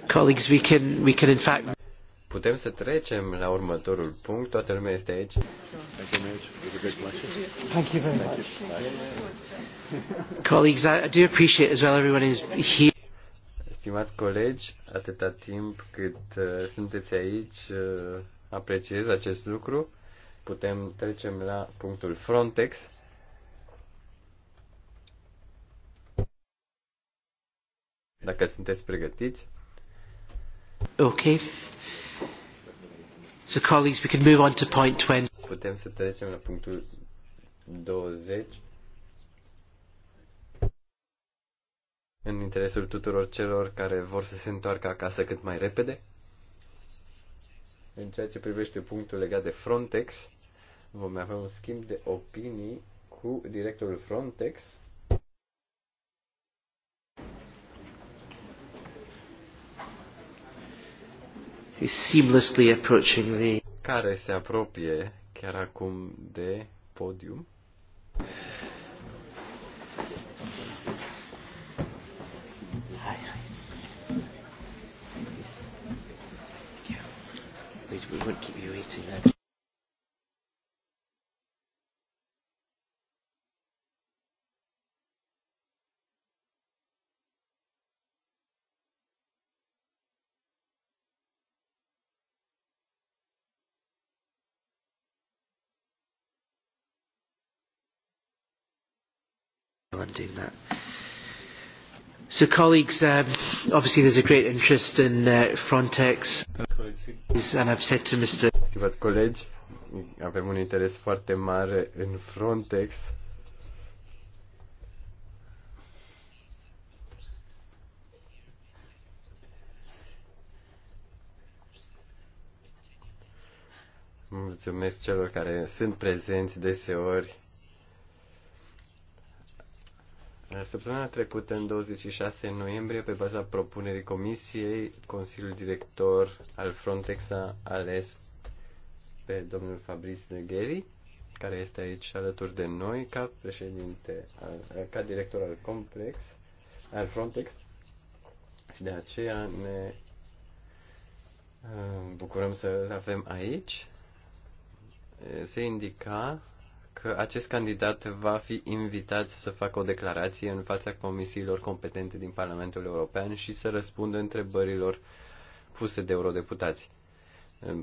Colleagues, we can, we can in fact... Putem să trecem la următorul punct. Toată lumea este aici. Thank you very much. Colleagues, I do appreciate as well everyone is here. Stimați colegi, atâta timp cât uh, sunteți aici, uh, apreciez acest lucru. Putem trecem la punctul Frontex. Dacă sunteți pregătiți. Okay. So colleagues, we can move on to point 20. Putem să trecem la punctul 20. În interesul tuturor celor care vor să se întoarcă acasă cât mai repede. În ceea ce privește punctul legat de Frontex, vom avea un schimb de opinii cu directorul Frontex, who's seamlessly approaching the care se apropie chiar acum de podium. Hi, hi. We won't keep you waiting then. while doing that. So, colleagues, um, obviously there's a great interest in uh, Frontex. And I've said to Mr. Stimați colegi, avem un interes foarte mare în Frontex. Mulțumesc celor care sunt prezenți deseori Săptămâna trecută, în 26 noiembrie, pe baza propunerii Comisiei, Consiliul Director al Frontex a ales pe domnul Fabrice Negheri, care este aici alături de noi, ca președinte, ca director al complex, al Frontex, și de aceea ne uh, bucurăm să-l avem aici. Se indica că acest candidat va fi invitat să facă o declarație în fața comisiilor competente din Parlamentul European și să răspundă întrebărilor puse de eurodeputați.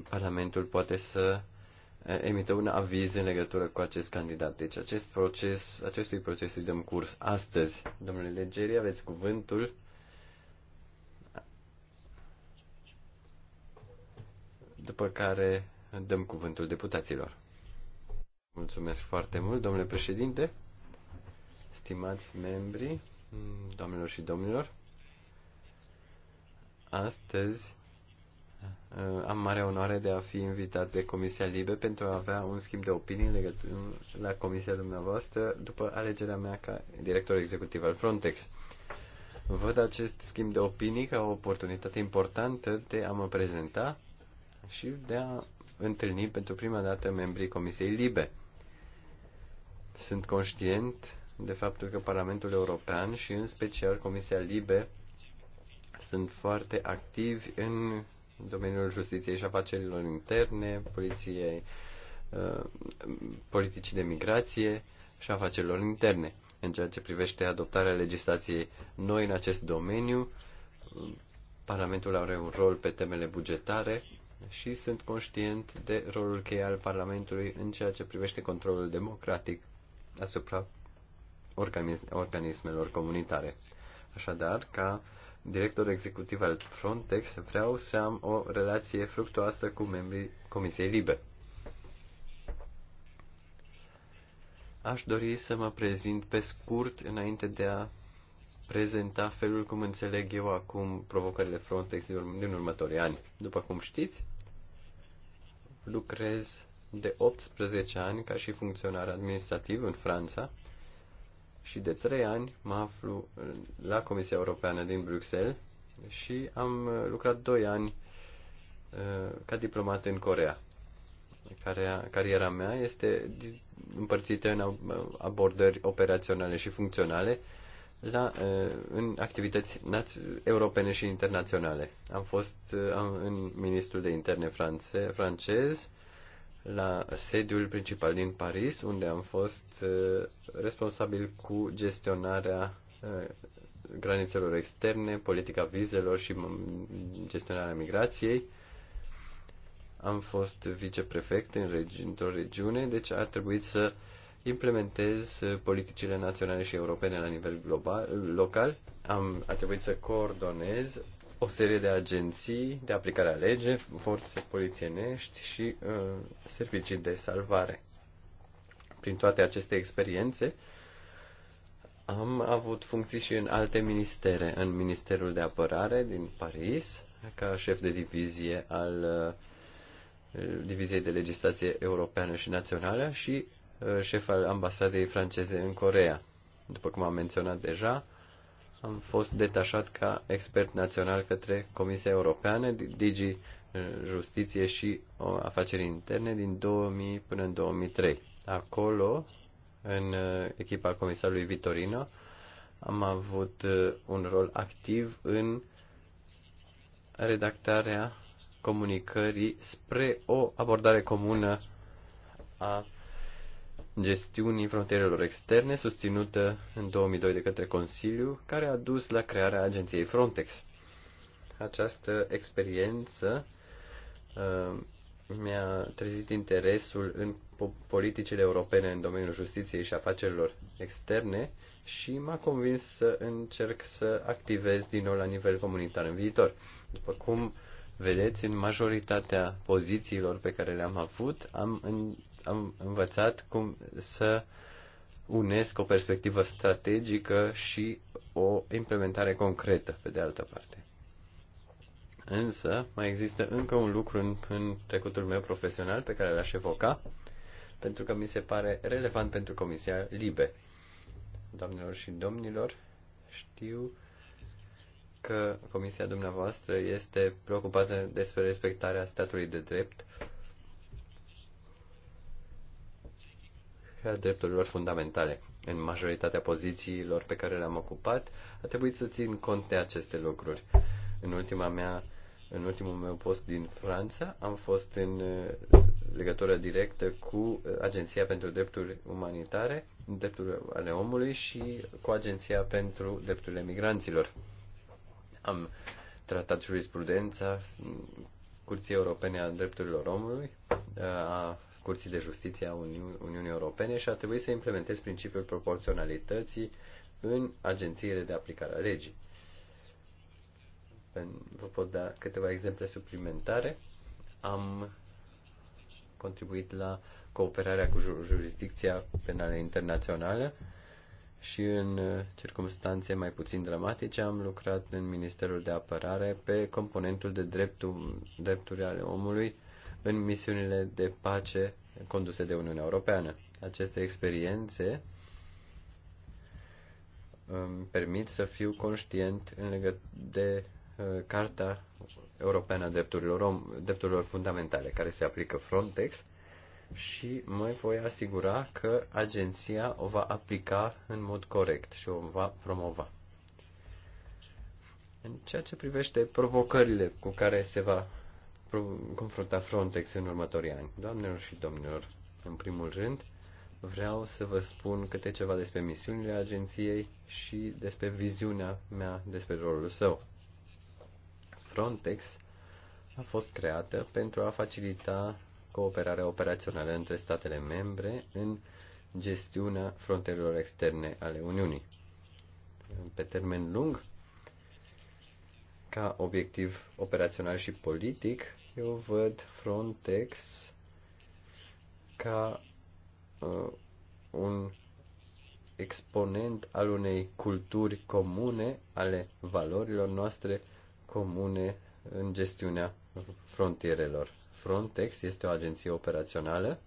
Parlamentul poate să emită un aviz în legătură cu acest candidat. Deci acest proces, acestui proces îi dăm curs astăzi. Domnule Legeri, aveți cuvântul. După care dăm cuvântul deputaților. Mulțumesc foarte mult, domnule președinte, stimați membri, doamnelor și domnilor. Astăzi uh, am mare onoare de a fi invitat de Comisia Libe pentru a avea un schimb de opinii la Comisia dumneavoastră după alegerea mea ca director executiv al Frontex. Văd acest schimb de opinii ca o oportunitate importantă de a mă prezenta și de a întâlni pentru prima dată membrii Comisiei Libe. Sunt conștient de faptul că Parlamentul European și în special Comisia Libe sunt foarte activi în domeniul justiției și afacerilor interne, poliției, uh, politicii de migrație și afacerilor interne. În ceea ce privește adoptarea legislației noi în acest domeniu, Parlamentul are un rol pe temele bugetare și sunt conștient de rolul cheie al Parlamentului în ceea ce privește controlul democratic asupra organismelor comunitare. Așadar, ca director executiv al Frontex, vreau să am o relație fructuoasă cu membrii Comisiei Libe. Aș dori să mă prezint pe scurt înainte de a prezenta felul cum înțeleg eu acum provocările Frontex din următorii ani. După cum știți, lucrez de 18 ani ca și funcționar administrativ în Franța și de 3 ani mă aflu la Comisia Europeană din Bruxelles și am lucrat 2 ani uh, ca diplomat în Corea. cariera mea este împărțită în abordări operaționale și funcționale la, uh, în activități europene și internaționale. Am fost uh, în ministrul de interne france, francez, la sediul principal din Paris, unde am fost uh, responsabil cu gestionarea uh, granițelor externe, politica vizelor și mm, gestionarea migrației. Am fost viceprefect în regi- într-o regiune, deci a trebuit să implementez uh, politicile naționale și europene la nivel global, local. Am, a trebuit să coordonez o serie de agenții de aplicare a lege, forțe polițienești și uh, servicii de salvare. Prin toate aceste experiențe am avut funcții și în alte ministere, în Ministerul de Apărare din Paris, ca șef de divizie al uh, Diviziei de Legislație Europeană și Națională și uh, șef al ambasadei franceze în Corea. După cum am menționat deja, am fost detașat ca expert național către Comisia Europeană, Digi eh, Justiție și Afaceri Interne din 2000 până în 2003. Acolo, în eh, echipa comisarului Vitorino, am avut eh, un rol activ în redactarea comunicării spre o abordare comună a gestiunii frontierelor externe, susținută în 2002 de către Consiliu, care a dus la crearea agenției Frontex. Această experiență uh, mi-a trezit interesul în politicile europene în domeniul justiției și afacerilor externe și m-a convins să încerc să activez din nou la nivel comunitar în viitor. După cum vedeți, în majoritatea pozițiilor pe care le-am avut, am am învățat cum să unesc o perspectivă strategică și o implementare concretă, pe de altă parte. Însă, mai există încă un lucru în, în trecutul meu profesional pe care l-aș evoca, pentru că mi se pare relevant pentru Comisia Libe. Doamnelor și domnilor, știu că Comisia dumneavoastră este preocupată despre respectarea statului de drept a drepturilor fundamentale. În majoritatea pozițiilor pe care le-am ocupat, a trebuit să țin cont de aceste lucruri. În ultima mea în ultimul meu post din Franța, am fost în uh, legătură directă cu uh, Agenția pentru Drepturi Umanitare, drepturile ale Omului și cu Agenția pentru Drepturile Migranților. Am tratat jurisprudența Curții Europene a Drepturilor Omului, uh, a Curții de Justiție a Uni- Uniunii Europene și ar trebui să implementeze principiul proporționalității în agențiile de aplicare a legii. Vă pot da câteva exemple suplimentare. Am contribuit la cooperarea cu jurisdicția penală internațională și în uh, circunstanțe mai puțin dramatice am lucrat în Ministerul de Apărare pe componentul de dreptul, drepturi ale omului în misiunile de pace conduse de Uniunea Europeană. Aceste experiențe îmi um, permit să fiu conștient în legăt- de uh, Carta Europeană a Drepturilor, om, Drepturilor Fundamentale, care se aplică Frontex și mă voi asigura că agenția o va aplica în mod corect și o va promova. În ceea ce privește provocările cu care se va confrunta Frontex în următorii ani. Doamnelor și domnilor, în primul rând, vreau să vă spun câte ceva despre misiunile agenției și despre viziunea mea despre rolul său. Frontex a fost creată pentru a facilita cooperarea operațională între statele membre în gestiunea frontierelor externe ale Uniunii. Pe termen lung, ca obiectiv operațional și politic, eu văd Frontex ca uh, un exponent al unei culturi comune, ale valorilor noastre comune în gestiunea frontierelor. Frontex este o agenție operațională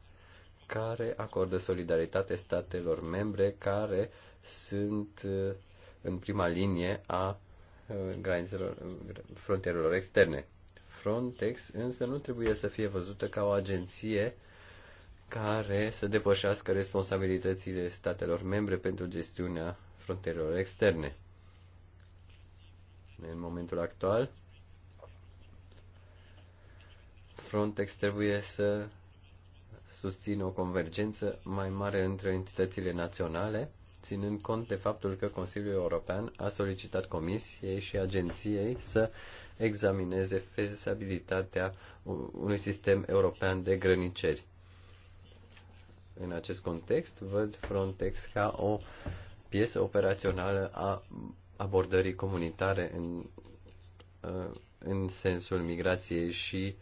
care acordă solidaritate statelor membre care sunt uh, în prima linie a granițelor, frontierelor externe. Frontex însă nu trebuie să fie văzută ca o agenție care să depășească responsabilitățile statelor membre pentru gestiunea frontierelor externe. În momentul actual, Frontex trebuie să susțină o convergență mai mare între entitățile naționale ținând cont de faptul că Consiliul European a solicitat Comisiei și Agenției să examineze fezabilitatea unui sistem european de grăniceri. În acest context, văd Frontex ca o piesă operațională a abordării comunitare în, ă, în sensul migrației și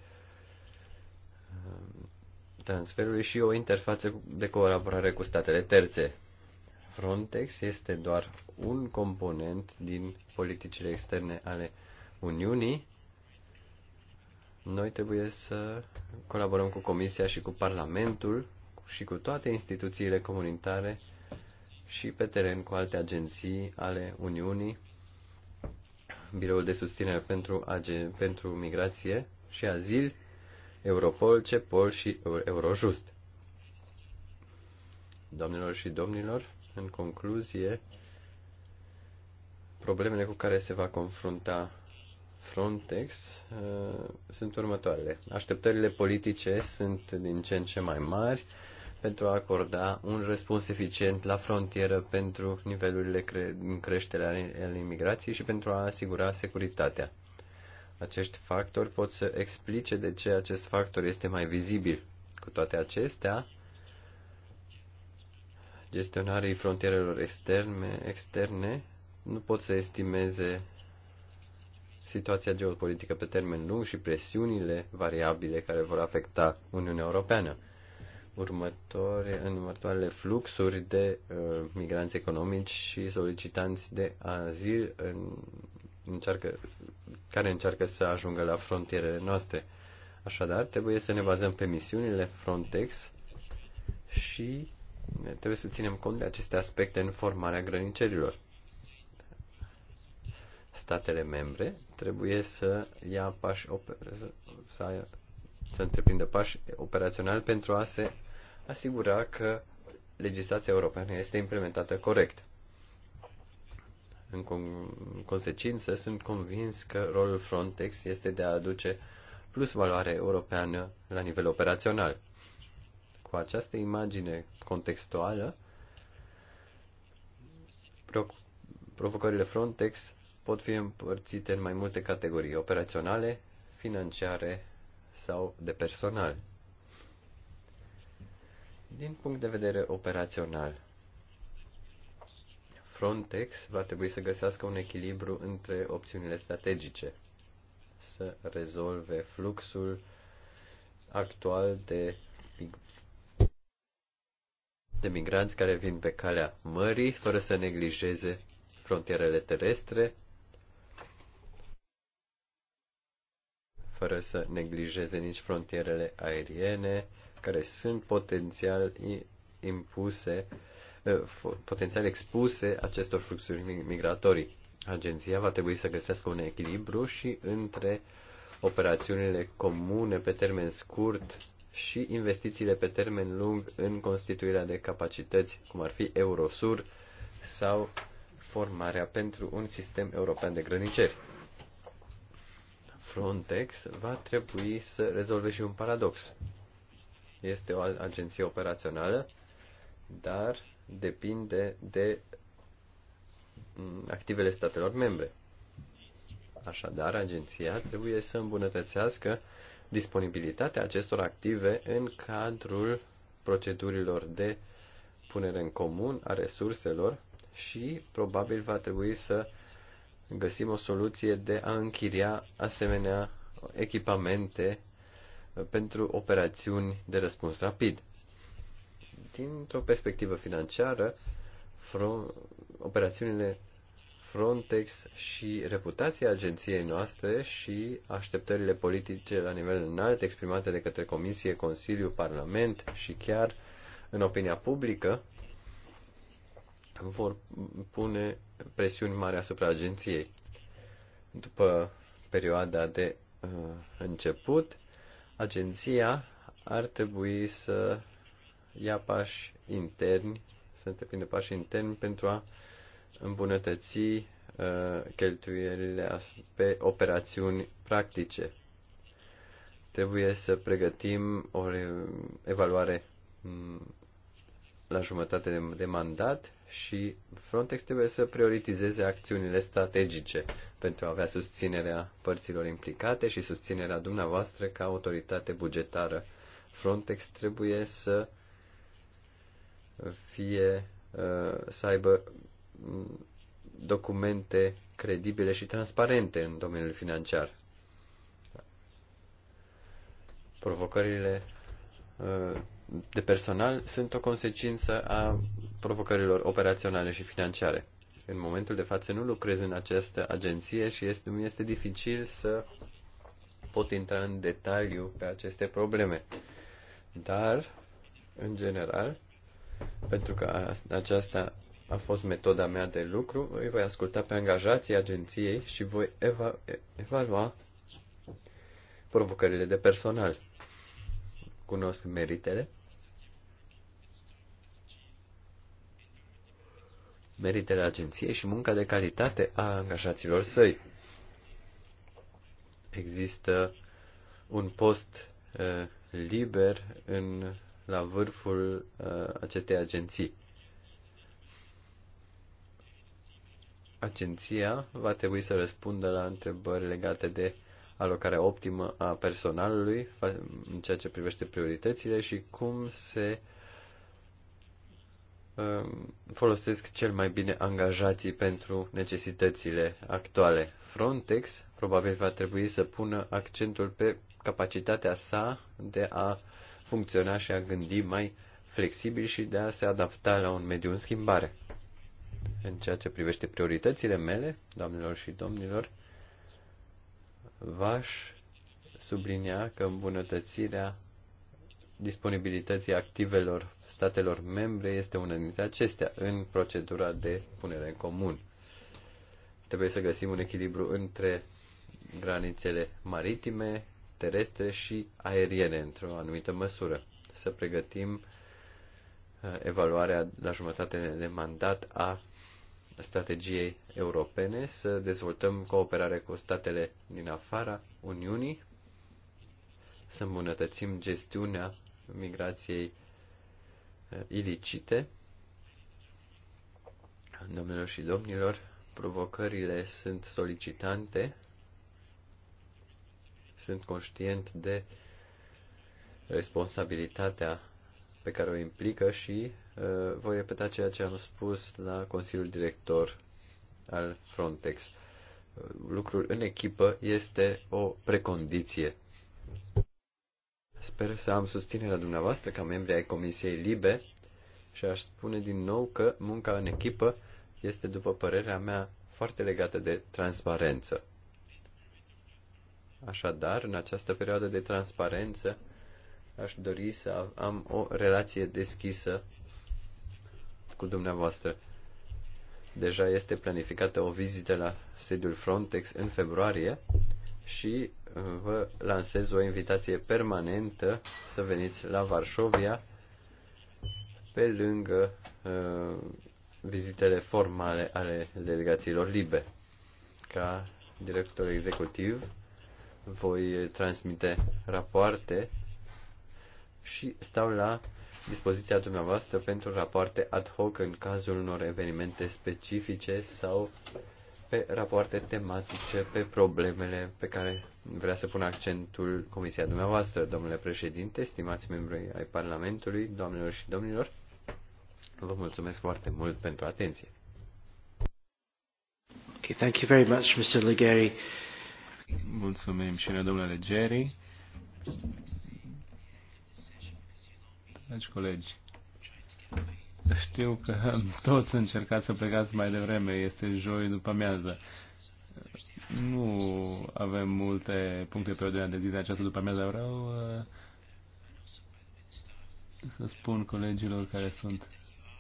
ă, transferului și o interfață de colaborare cu statele terțe. Frontex este doar un component din politicile externe ale Uniunii. Noi trebuie să colaborăm cu Comisia și cu Parlamentul și cu toate instituțiile comunitare și pe teren cu alte agenții ale Uniunii, Biroul de Susținere pentru, Age- pentru Migrație și Azil, Europol, CEPOL și Eurojust. Doamnelor și domnilor, în concluzie, problemele cu care se va confrunta Frontex uh, sunt următoarele. Așteptările politice sunt din ce în ce mai mari pentru a acorda un răspuns eficient la frontieră pentru nivelurile cre- în creștere ale imigrației și pentru a asigura securitatea. Acești factori pot să explice de ce acest factor este mai vizibil. Cu toate acestea, gestionarei frontierelor externe, externe nu pot să estimeze situația geopolitică pe termen lung și presiunile variabile care vor afecta Uniunea Europeană. Următoare, în următoarele fluxuri de uh, migranți economici și solicitanți de azil în, încearcă, care încearcă să ajungă la frontierele noastre. Așadar, trebuie să ne bazăm pe misiunile Frontex și Trebuie să ținem cont de aceste aspecte în formarea grănicerilor. Statele membre trebuie să ia pași să, să întreprindă pași operaționali pentru a se asigura că legislația europeană este implementată corect. În consecință, sunt convins că rolul Frontex este de a aduce plus valoare europeană la nivel operațional. Cu această imagine contextuală, provocările Frontex pot fi împărțite în mai multe categorii, operaționale, financiare sau de personal. Din punct de vedere operațional, Frontex va trebui să găsească un echilibru între opțiunile strategice, să rezolve fluxul actual de de migranți care vin pe calea mării, fără să neglijeze frontierele terestre, fără să neglijeze nici frontierele aeriene, care sunt potențial impuse, potențial expuse acestor fluxuri migratorii. Agenția va trebui să găsească un echilibru și între operațiunile comune pe termen scurt și investițiile pe termen lung în constituirea de capacități, cum ar fi Eurosur sau formarea pentru un sistem european de grăniceri. Frontex va trebui să rezolve și un paradox. Este o agenție operațională, dar depinde de mm, activele statelor membre. Așadar, agenția trebuie să îmbunătățească uh, disponibilitatea acestor active în cadrul procedurilor de punere în comun a resurselor și probabil va trebui să găsim o soluție de a închiria asemenea echipamente pentru operațiuni de răspuns rapid. Dintr-o perspectivă financiară, operațiunile Frontex și reputația agenției noastre și așteptările politice la nivel înalt exprimate de către Comisie, Consiliu, Parlament și chiar în opinia publică vor pune presiuni mari asupra agenției. După perioada de uh, început, agenția ar trebui să ia pași interni, să întreprinde pași interni pentru a uh, îmbunătăți uh, cheltuielile pe operațiuni practice. Trebuie să pregătim o evaluare mm, la jumătate de, de mandat și Frontex trebuie să prioritizeze acțiunile strategice pentru a avea susținerea părților implicate și susținerea dumneavoastră ca autoritate bugetară. Frontex trebuie să fie uh, să aibă documente credibile și transparente în domeniul financiar. Provocările uh, de personal sunt o consecință a provocărilor operaționale și financiare. În momentul de față nu lucrez în această agenție și este, mi este dificil să pot intra în detaliu pe aceste probleme. Dar, în general, pentru că aceasta a fost metoda mea de lucru. Îi voi asculta pe angajații agenției și voi eva- evalua provocările de personal. Cunosc meritele. meritele agenției și munca de calitate a angajaților săi. Există un post uh, liber în, la vârful uh, acestei agenții. agenția va trebui să răspundă la întrebări legate de alocarea optimă a personalului în ceea ce privește prioritățile și cum se um, folosesc cel mai bine angajații pentru necesitățile actuale. Frontex probabil va trebui să pună accentul pe capacitatea sa de a funcționa și a gândi mai flexibil și de a se adapta la un mediu în schimbare. În ceea ce privește prioritățile mele, doamnelor și domnilor, v-aș sublinia că îmbunătățirea disponibilității activelor statelor membre este una dintre acestea în procedura de punere în comun. Trebuie să găsim un echilibru între granițele maritime, terestre și aeriene, într-o anumită măsură. Să pregătim uh, evaluarea la jumătate de mandat a strategiei europene, să dezvoltăm cooperare cu statele din afara Uniunii, să îmbunătățim gestiunea migrației eh, ilicite. Domnilor și domnilor, provocările sunt solicitante, sunt conștient de responsabilitatea pe care o implică și uh, voi repeta ceea ce am spus la Consiliul Director al Frontex. Uh, lucrul în echipă este o precondiție. Sper să am susținerea dumneavoastră ca membri ai Comisiei Libe și aș spune din nou că munca în echipă este, după părerea mea, foarte legată de transparență. Așadar, în această perioadă de transparență, aș dori să am o relație deschisă cu dumneavoastră. Deja este planificată o vizită la sediul Frontex în februarie și uh, vă lansez o invitație permanentă să veniți la Varșovia pe lângă uh, vizitele formale ale delegațiilor libe. Ca director executiv voi transmite rapoarte și stau la dispoziția dumneavoastră pentru rapoarte ad hoc în cazul unor evenimente specifice sau pe rapoarte tematice, pe problemele pe care vrea să pună accentul Comisia dumneavoastră, domnule președinte, stimați membri ai Parlamentului, doamnelor și domnilor. Vă mulțumesc foarte mult pentru atenție. Okay, thank you very much, Mr. Legeri. Mulțumim și noi, domnule Legeri. Deci, colegi, știu că toți încercați să plecați mai devreme, este joi după amiază. Nu avem multe puncte pe ordinea de zi de această după amiază, vreau uh, să spun colegilor care sunt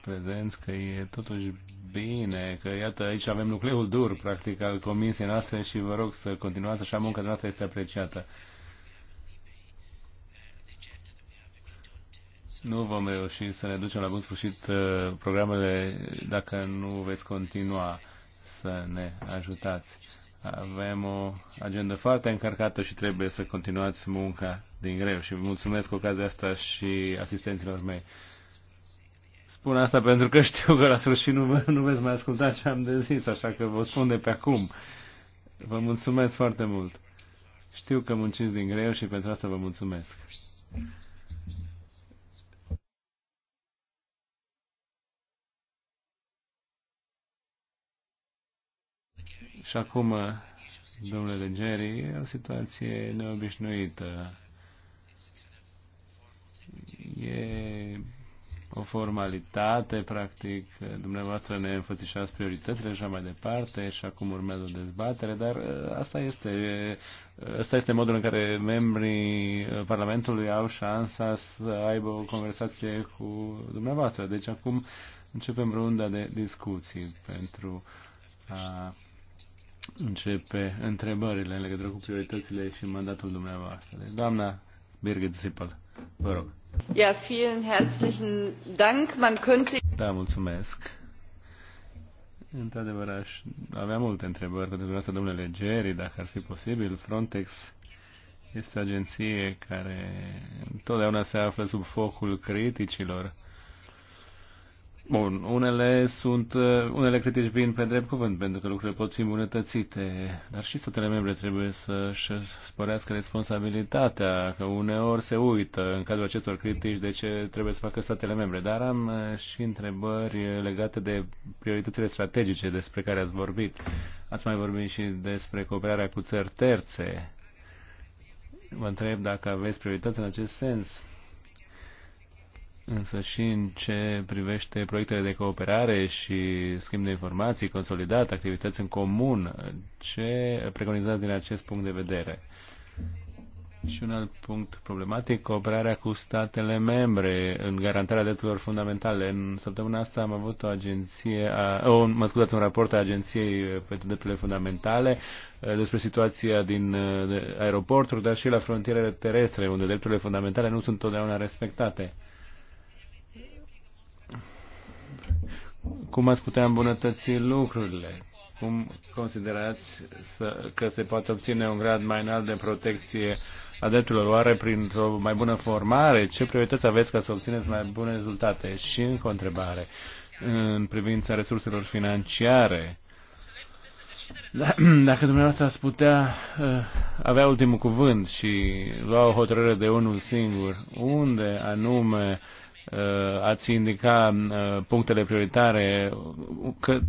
prezenți că e totuși bine, că iată aici avem nucleul dur practic al comisiei noastre și vă rog să continuați așa, munca noastră este apreciată. nu vom reuși să ne ducem la bun sfârșit uh, programele dacă nu veți continua să ne ajutați. Avem o agendă foarte încărcată și trebuie să continuați munca din greu și mulțumesc cu ocazia asta și asistenților mei. Spun asta pentru că știu că la sfârșit nu, nu veți mai asculta ce am de zis, așa că vă spun de pe acum. Vă mulțumesc foarte mult. Știu că munciți din greu și pentru asta vă mulțumesc. Și acum, domnule Jerry, e o situație neobișnuită. E o formalitate, practic, dumneavoastră ne înfățișați prioritățile și așa mai departe și acum urmează o dezbatere, dar ă, asta este, asta ă, este modul în care membrii ă, Parlamentului au șansa să aibă o conversație cu dumneavoastră. Deci acum începem runda de discuții pentru a începe întrebările în legătură cu prioritățile și mandatul dumneavoastră. Deci, doamna Birgit Zippel, vă rog. Ja, vielen herzlichen Dank. Man könnte... Da, mulțumesc. Într-adevăr, aș avea multe întrebări pentru dumneavoastră, domnule Geri, dacă ar fi posibil. Frontex este o agenție care întotdeauna se află sub focul criticilor Bun, unele sunt, uh, unele critici vin pe drept cuvânt, pentru că lucrurile pot fi îmbunătățite, dar și statele membre trebuie să-și spărească responsabilitatea, că uneori se uită în cazul acestor critici de ce trebuie să facă statele membre. Dar am uh, și întrebări legate de prioritățile strategice despre care ați vorbit. Ați mai vorbit și despre cooperarea cu țări terțe. Vă întreb dacă aveți priorități în acest sens Însă și în ce privește proiectele de cooperare și schimb de informații consolidat, activități în comun, ce preconizați din acest punct de vedere? Și un alt punct problematic, cooperarea cu statele membre în garantarea drepturilor fundamentale. În săptămâna asta am avut o agenție, a, o, mă scuzați, un raport a Agenției pentru Drepturile Fundamentale eh, despre situația din eh, aeroporturi, dar și la frontierele terestre, unde drepturile fundamentale nu sunt totdeauna respectate. cum ați putea îmbunătăți lucrurile? Cum considerați să, că se poate obține un grad mai înalt de protecție a drepturilor? Oare printr-o mai bună formare? Ce priorități aveți ca să obțineți mai bune rezultate? Și încă o întrebare în privința resurselor financiare. Da, dacă dumneavoastră ați putea uh, avea ultimul cuvânt și lua o hotărâre de unul singur, unde anume Uh, ați indica uh, punctele prioritare, că,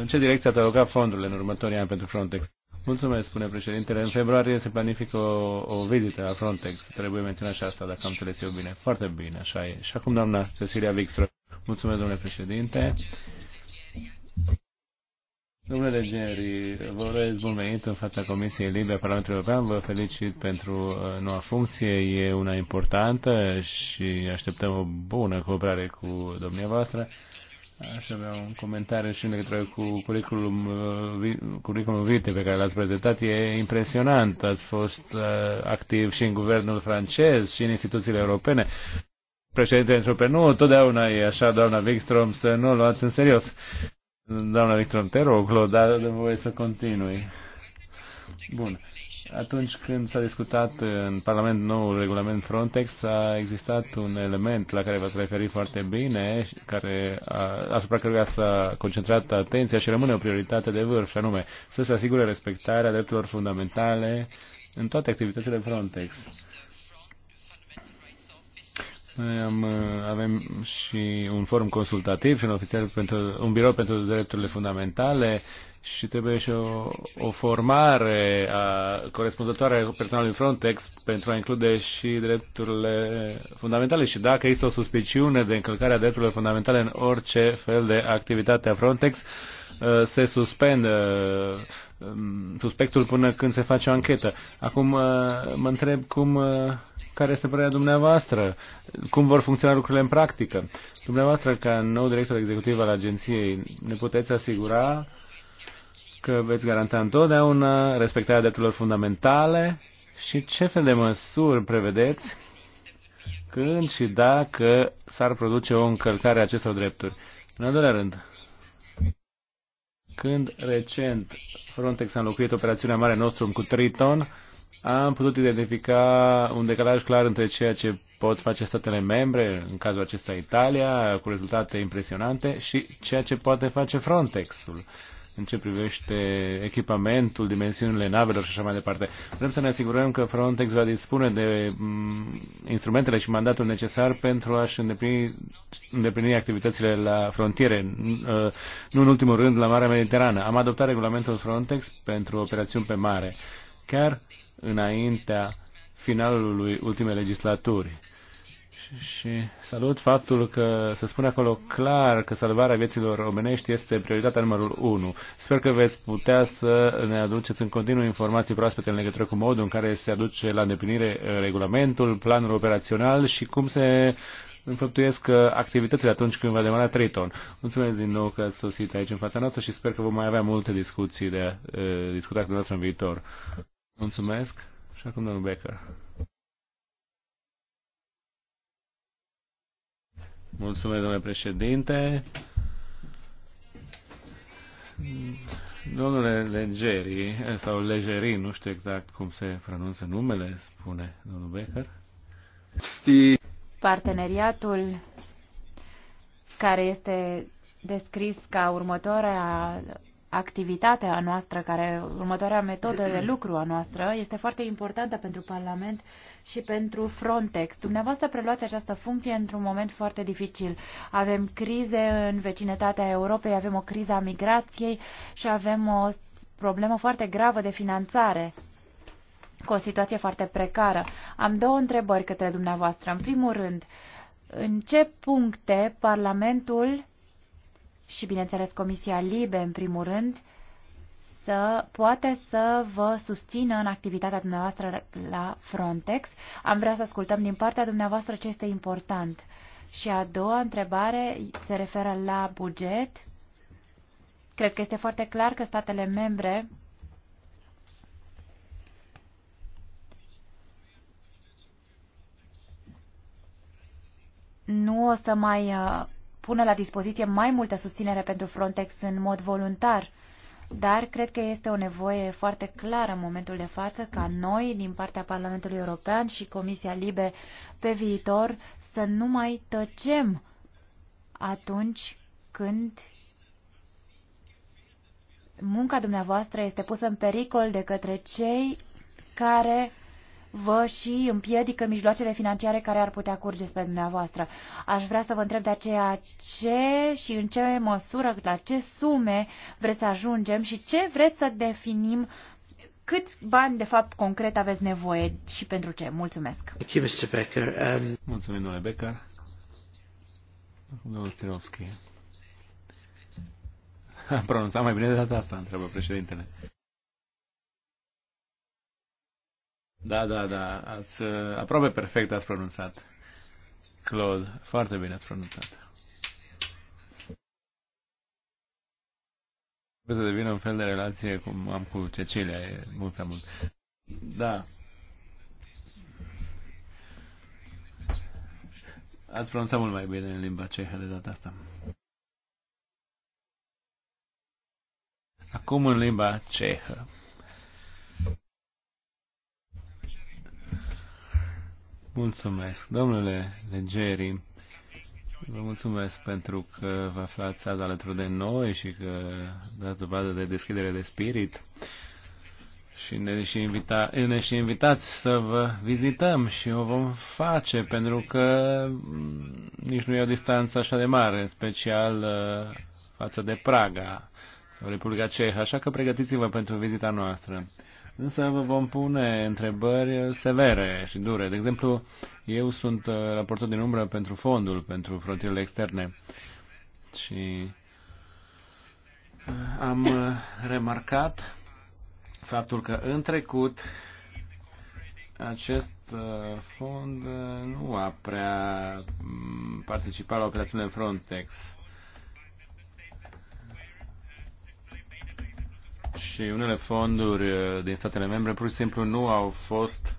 în ce direcție ați alocat fondurile în următorii ani pentru Frontex? Mulțumesc, spune președintele. În februarie se planifică o, o vizită la Frontex. Trebuie menționat și asta, dacă am înțeles eu bine. Foarte bine, așa e. Și acum, doamna Cecilia Wikström. Mulțumesc, domnule președinte. Domnule Legeri, vă urez bun venit în fața Comisiei libere a Parlamentului European. Vă felicit pentru uh, noua funcție. E una importantă și așteptăm o bună cooperare cu domnia voastră. Aș avea un comentariu și în legătură cu curriculum, uh, vite pe care l-ați prezentat. E impresionant. Ați fost uh, activ și în guvernul francez și în instituțiile europene. Președinte, nu, totdeauna e așa, doamna Wikström, să nu o luați în serios. Doamna Electron, te rog, dar de voie să continui. Bun. Atunci când s-a discutat în Parlament noul regulament Frontex, a existat un element la care v-ați referit foarte bine, care a, asupra căruia s-a concentrat atenția și rămâne o prioritate de vârf, și anume să se asigure respectarea drepturilor fundamentale în toate activitățile Frontex noi am, uh, avem și un forum consultativ și un, ofițer pentru, un birou pentru drepturile fundamentale și trebuie și o, o formare a corespunzătoare a personalului Frontex pentru a include și drepturile fundamentale și dacă există o suspiciune de încălcarea drepturilor fundamentale în orice fel de activitate a Frontex, uh, se suspendă um, suspectul până când se face o anchetă. Acum uh, mă întreb cum care este părerea dumneavoastră? Cum vor funcționa lucrurile în practică? Dumneavoastră, ca nou director executiv al agenției, ne puteți asigura că veți garanta întotdeauna respectarea drepturilor fundamentale și ce fel de măsuri prevedeți când și dacă s-ar produce o încălcare a acestor drepturi? În al doilea rând, când recent Frontex a înlocuit operațiunea Mare nostru cu Triton, am putut identifica un decalaj clar între ceea ce pot face statele membre, în cazul acesta Italia, cu rezultate impresionante, și ceea ce poate face Frontexul în ce privește echipamentul, dimensiunile navelor și așa mai departe. Vrem să ne asigurăm că Frontex va dispune de mm, instrumentele și mandatul necesar pentru a-și îndeplini, îndeplini activitățile la frontiere, uh, nu în ultimul rând la Marea Mediterană. Am adoptat regulamentul Frontex pentru operațiuni pe mare. Chiar înaintea finalului ultimei legislaturi. Și salut faptul că se spune acolo clar că salvarea vieților omenești este prioritatea numărul 1. Sper că veți putea să ne aduceți în continuu informații proaspete în legătură cu modul în care se aduce la îndeplinire uh, regulamentul, planul operațional și cum se înfăptuiesc uh, activitățile atunci când va demara Triton. Mulțumesc din nou că ați sosit aici în fața noastră și sper că vom mai avea multe discuții de a uh, discuta cu noastră în viitor. Mulțumesc. Și acum domnul Becker. Mulțumesc, domnule președinte. Domnule Legeri, sau Legeri, nu știu exact cum se pronunță numele, spune domnul Becker. Parteneriatul care este descris ca următoarea activitatea noastră, care următoarea metodă de lucru a noastră, este foarte importantă pentru Parlament și pentru Frontex. Dumneavoastră preluați această funcție într-un moment foarte dificil. Avem crize în vecinătatea Europei, avem o criză a migrației și avem o problemă foarte gravă de finanțare cu o situație foarte precară. Am două întrebări către dumneavoastră. În primul rând, în ce puncte Parlamentul și, bineînțeles, Comisia Libe, în primul rând, să poate să vă susțină în activitatea dumneavoastră la Frontex. Am vrea să ascultăm din partea dumneavoastră ce este important. Și a doua întrebare se referă la buget. Cred că este foarte clar că statele membre nu o să mai uh, pună la dispoziție mai multă susținere pentru Frontex în mod voluntar, dar cred că este o nevoie foarte clară în momentul de față ca noi, din partea Parlamentului European și Comisia Libe pe viitor, să nu mai tăcem atunci când munca dumneavoastră este pusă în pericol de către cei care vă și împiedică mijloacele financiare care ar putea curge spre dumneavoastră. Aș vrea să vă întreb de aceea ce și în ce măsură, la ce sume vreți să ajungem și ce vreți să definim cât bani, de fapt, concret aveți nevoie și pentru ce? Mulțumesc. Thank you, Mr. Becker. Um... Mulțumim, domnule Becker. Domnul Stirovski. Am pronunțat mai bine de data asta, întreabă președintele. Da, da, da. Ați, aproape perfect ați pronunțat. Claude, foarte bine ați pronunțat. Trebuie să devină un fel de relație cum am cu Cecilia, e mult prea mult. Da. Ați pronunțat mult mai bine în limba cehă de data asta. Acum în limba cehă. Mulțumesc. Domnule Legeri, vă mulțumesc pentru că vă aflați azi alături de noi și că dați dovadă de deschidere de spirit și ne și, invita, ne și invitați să vă vizităm și o vom face pentru că mm, nici nu e o distanță așa de mare, în special uh, față de Praga, Republica Cehă, așa că pregătiți-vă pentru vizita noastră însă vă vom pune întrebări severe și dure. De exemplu, eu sunt uh, raportor din umbră pentru fondul, pentru frontierele externe și uh, am uh, remarcat faptul că în trecut acest fond nu a prea mm, participat la operațiunile Frontex și unele fonduri uh, din statele membre pur și simplu nu au fost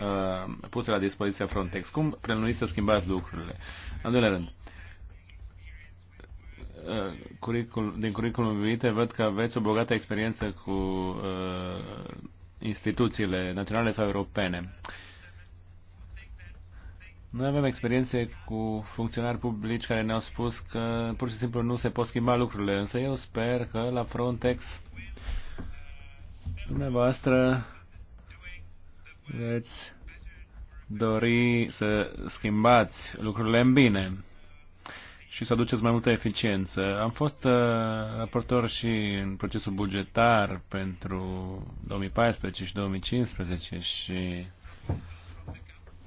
uh, puse la dispoziția Frontex. Cum prenuiți să schimbați lucrurile? În doilea rând, uh, curicul, din curriculum vite, văd că aveți o bogată experiență cu uh, instituțiile naționale sau europene. Noi avem experiențe cu funcționari publici care ne-au spus că pur și simplu nu se pot schimba lucrurile, însă eu sper că la Frontex Dumneavoastră veți dori să schimbați lucrurile în bine și să aduceți mai multă eficiență. Am fost uh, raportor și în procesul bugetar pentru 2014 și 2015 și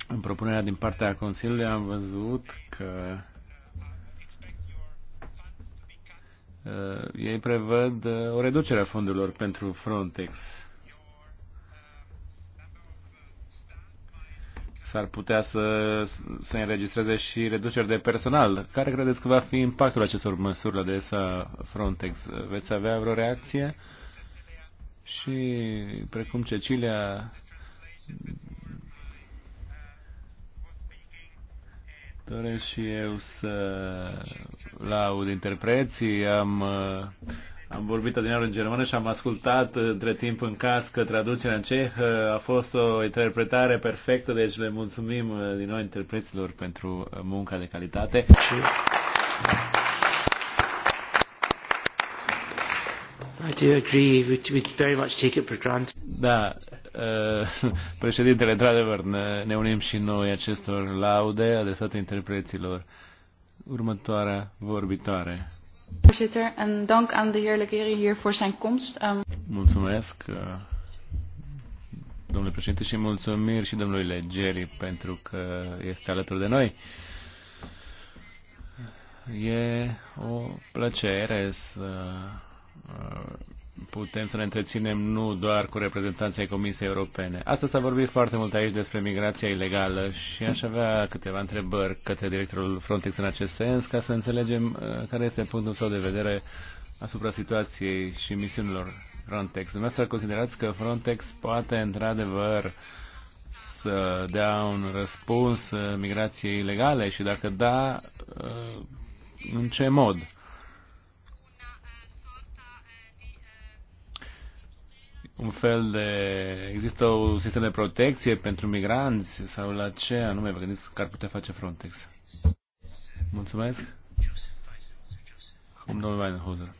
în propunerea din partea Consiliului am văzut că Uh, ei prevăd uh, o reducere a fondurilor pentru Frontex. S-ar putea să se înregistreze și reduceri de personal. Care credeți că va fi impactul acestor măsuri la adresa Frontex? Veți avea vreo reacție? Și precum Cecilia Doresc și eu să laud interpreții. Am, uh, am vorbit adineaur în germană și am ascultat uh, între timp în cască traducerea în ceh. A fost o interpretare perfectă, deci le mulțumim uh, din nou interpreților pentru munca de calitate. Și... I do agree. We, we very much take it for granted. Da, uh, președintele, într-adevăr, ne unim și noi acestor laude adresate interpreților. Următoarea vorbitoare. Voorzitter, en dank aan de heer Legeri hier voor zijn komst. Um... Mulțumesc, uh, domnule președinte, și mulțumiri și domnului Legeri pentru că este alături de noi. E o plăcere să Uh, putem să ne întreținem nu doar cu reprezentanții Comisiei Europene. Astăzi s-a vorbit foarte mult aici despre migrația ilegală și aș avea câteva întrebări către directorul Frontex în acest sens ca să înțelegem uh, care este punctul său de vedere asupra situației și misiunilor Frontex. Dumneavoastră considerați că Frontex poate într-adevăr să dea un răspuns uh, migrației ilegale și dacă da, în ce mod? un fel de... Există un sistem de protecție pentru migranți sau la ce anume vă gândiți că ar putea face Frontex? Mulțumesc. Acum domnul Weinhofer.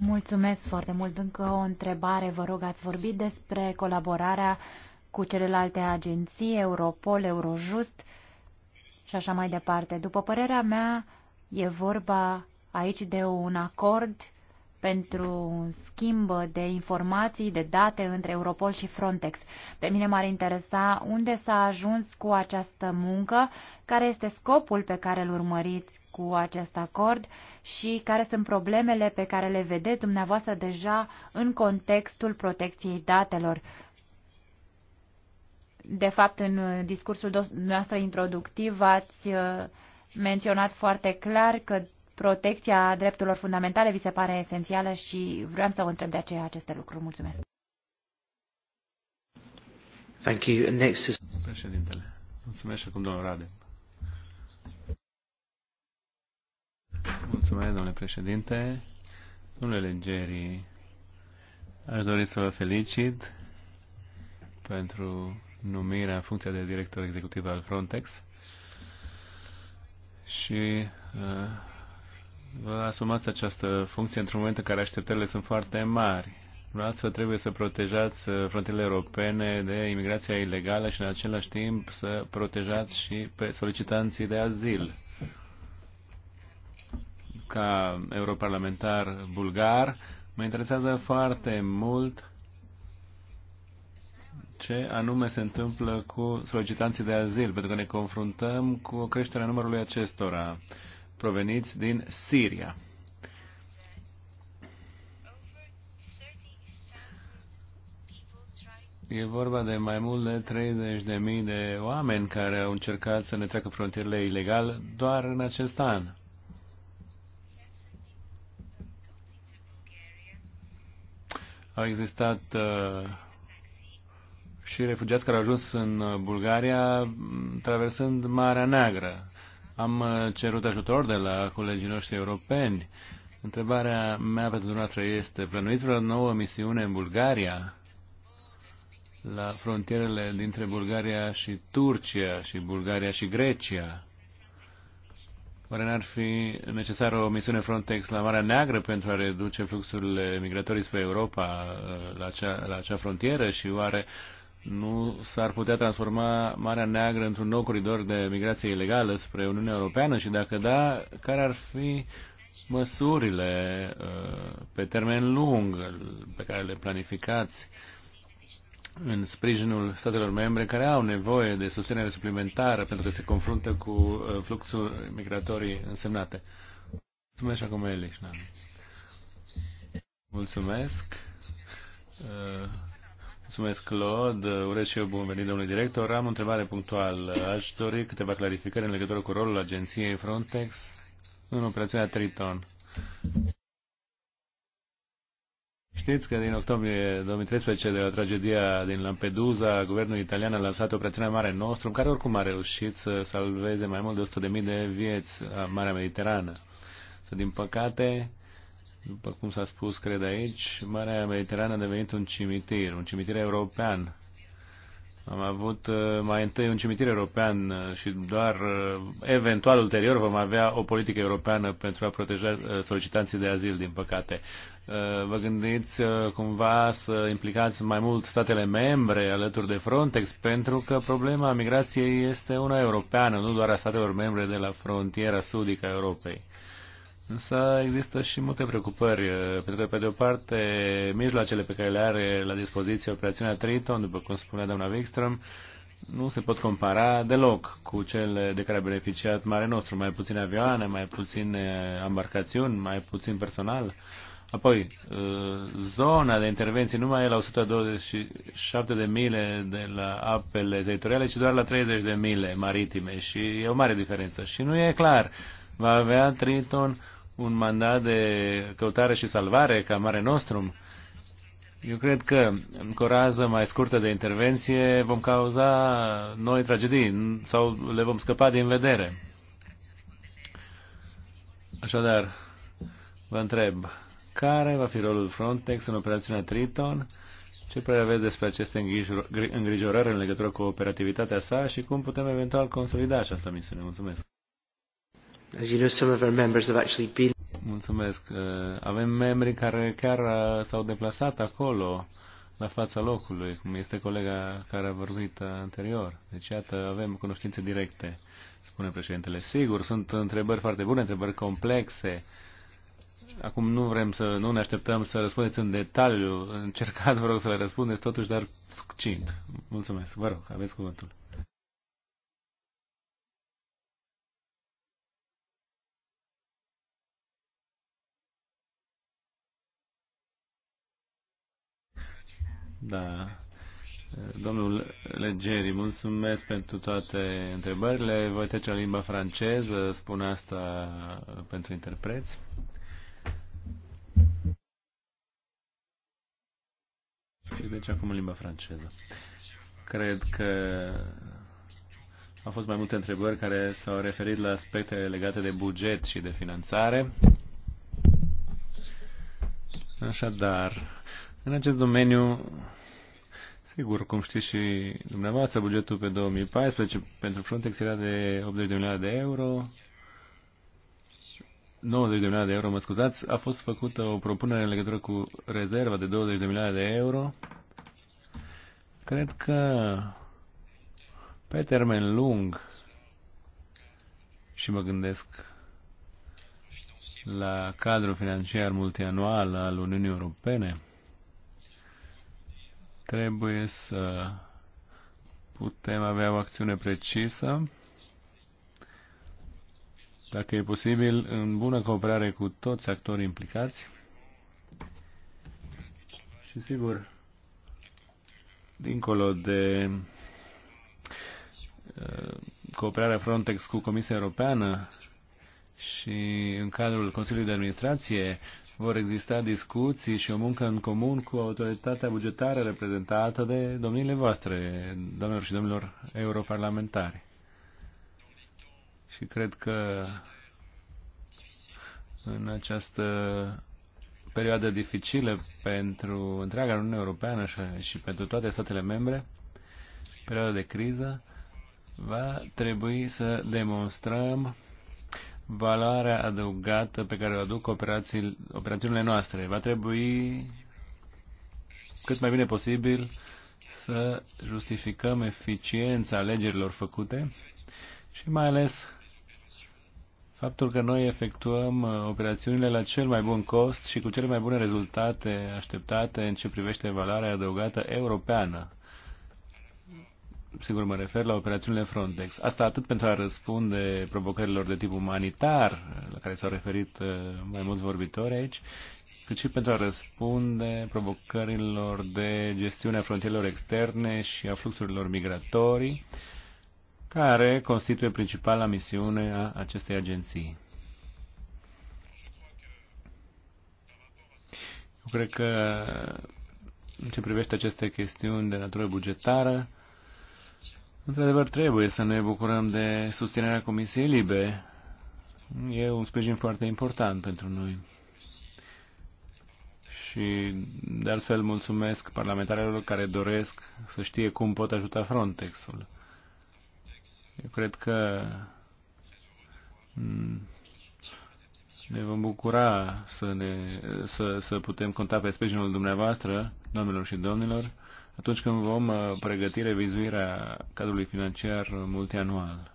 Mulțumesc foarte mult. Încă o întrebare, vă rog, ați vorbit despre colaborarea cu celelalte agenții, Europol, Eurojust și așa mai departe. După părerea mea, e vorba aici de un acord uh, pentru schimb de informații, de date între Europol și Frontex. Pe mine m-ar interesa unde s-a ajuns cu această muncă, care este scopul pe care îl urmăriți cu acest acord și care sunt problemele pe care le vedeți dumneavoastră deja în contextul protecției datelor. De fapt, în discursul noastră introductiv ați uh, menționat foarte clar că protecția drepturilor fundamentale vi se pare esențială și vreau să o întreb de aceea aceste lucruri. Mulțumesc. Thank you. next is... Președintele. Mulțumesc acum domnul Rade. Mulțumesc, domnule președinte. Domnule Legeri, aș dori să vă felicit pentru numirea în funcția de director executiv al Frontex și uh, vă asumați această funcție într-un moment în care așteptările sunt foarte mari. să trebuie să protejați uh, frontierele europene de imigrația ilegală și în același timp să protejați și pe solicitanții de azil. Ca europarlamentar bulgar, mă interesează foarte mult ce anume se întâmplă cu solicitanții de azil, pentru că ne confruntăm cu o creștere a numărului acestora proveniți din Siria. E vorba de mai mult de 30.000 de oameni care au încercat să ne treacă frontierele ilegal doar în acest an. Au existat uh, și refugiați care au ajuns în uh, Bulgaria traversând Marea Neagră. Am uh, cerut ajutor de la colegii noștri europeni. Întrebarea mea pentru dumneavoastră este, plănuiți vreo nouă misiune în Bulgaria? la frontierele dintre Bulgaria și Turcia și Bulgaria și Grecia. Oare n-ar fi necesară o misiune Frontex la Marea Neagră pentru a reduce fluxurile migratorii spre Europa uh, la acea, la acea frontieră și oare uh, nu s-ar putea transforma Marea Neagră într-un nou coridor de migrație ilegală spre Uniunea Europeană și dacă da, care ar fi măsurile uh, pe termen lung pe care le planificați în sprijinul statelor membre care au nevoie de susținere suplimentară pentru că se confruntă cu uh, fluxuri migratorii însemnate. Mulțumesc acum, Elișnan. Da. Mulțumesc. Uh, Mulțumesc, Claude. Urez și eu bun venit, domnului director. Am o întrebare punctuală. Aș dori câteva clarificări în legătură cu rolul agenției Frontex în operațiunea Triton. Știți că din octombrie 2013, de la tragedia din Lampedusa, guvernul italian a lansat operațiunea Mare Nostru, în care oricum a reușit să salveze mai mult de 100.000 de vieți a Marea Mediterană. Să, din păcate, după cum s-a spus, cred aici, Marea Mediterană a devenit un cimitir, un cimitir european. Am avut uh, mai întâi un cimitir european uh, și doar uh, eventual ulterior vom avea o politică europeană pentru a proteja solicitanții de azil, din păcate. Vă gândiți cumva să implicați mai mult statele membre alături de Frontex, pentru că problema migrației este una europeană, nu doar a statelor membre de la frontiera sudică a Europei. Însă există și multe preocupări, eh, pentru că, pe de o parte, mijloacele pe care le are la dispoziție operațiunea Triton, după cum spunea doamna Wikström, nu se pot compara deloc cu cele de care a beneficiat Mare Nostru. Mai puține avioane, mai puține eh, embarcațiuni, mai puțin personal. Apoi, eh, zona de intervenție nu mai e la 127 de mile de la apele teritoriale, ci doar la 30 de mile maritime și e o mare diferență. Și nu e clar, va avea Triton un mandat de căutare și salvare ca Mare Nostrum. Eu cred că cu o rază mai scurtă de intervenție vom cauza noi tragedii sau le vom scăpa din vedere. Așadar, vă întreb, care va fi rolul Frontex în operațiunea Triton? Ce părere aveți despre aceste îngrijorări în legătură cu operativitatea sa și cum putem eventual consolida această misiune? Mulțumesc! As you know, some of our members have actually been Mulțumesc. Uh, avem membri care chiar uh, s-au deplasat acolo, la fața locului, cum este colega care a vorbit uh, anterior. Deci, iată, avem cunoștințe directe, spune președintele. Sigur, sunt întrebări foarte bune, întrebări complexe. Acum nu vrem să, nu ne așteptăm să răspundeți în detaliu. Încercați, vă rog, să le răspundeți totuși, dar succint. Mulțumesc. Vă rog, aveți cuvântul. Da. Domnul Legeri, mulțumesc pentru toate întrebările. Voi trece la limba franceză, spun asta pentru interpreți. Și deci acum în limba franceză. Cred că au fost mai multe întrebări care s-au referit la aspecte legate de buget și de finanțare. Așadar, în acest domeniu, sigur, cum știți și dumneavoastră, bugetul pe 2014 pentru Frontex era de 80 de milioane de euro. 90 de milioane de euro, mă scuzați, a fost făcută o propunere în legătură cu rezerva de 20 de milioane de euro. Cred că pe termen lung și mă gândesc la cadrul financiar multianual al Uniunii Europene, Trebuie să putem avea o acțiune precisă, dacă e posibil, în bună cooperare cu toți actorii implicați. Și sigur, dincolo de uh, cooperarea Frontex cu Comisia Europeană și în cadrul Consiliului de Administrație, vor exista discuții și o muncă în comun cu autoritatea bugetară reprezentată de domnile voastre, domnilor și domnilor europarlamentari. Și cred că în această perioadă dificilă pentru întreaga Uniune Europeană și pentru toate statele membre, perioada de criză, va trebui să demonstrăm valoarea adăugată pe care o aduc operațiunile noastre. Va trebui cât mai bine posibil să justificăm eficiența alegerilor făcute și mai ales faptul că noi efectuăm uh, operațiunile la cel mai bun cost și cu cele mai bune rezultate așteptate în ce privește valoarea adăugată europeană sigur mă refer la operațiunile Frontex. Asta atât pentru a răspunde provocărilor de tip umanitar, la care s-au referit uh, mai mulți vorbitori aici, cât și pentru a răspunde provocărilor de gestiune a frontierelor externe și a fluxurilor migratorii, care constituie principala misiune a acestei agenții. Eu cred că în ce privește aceste chestiuni de natură bugetară, Într-adevăr, trebuie să ne bucurăm de susținerea Comisiei Libe. E un sprijin foarte important pentru noi. Și, de altfel, mulțumesc parlamentarilor care doresc să știe cum pot ajuta Frontexul. Eu cred că ne vom bucura să, ne, să, să putem conta pe sprijinul dumneavoastră, doamnelor și domnilor, atunci când vom uh, pregăti revizuirea cadrului financiar multianual.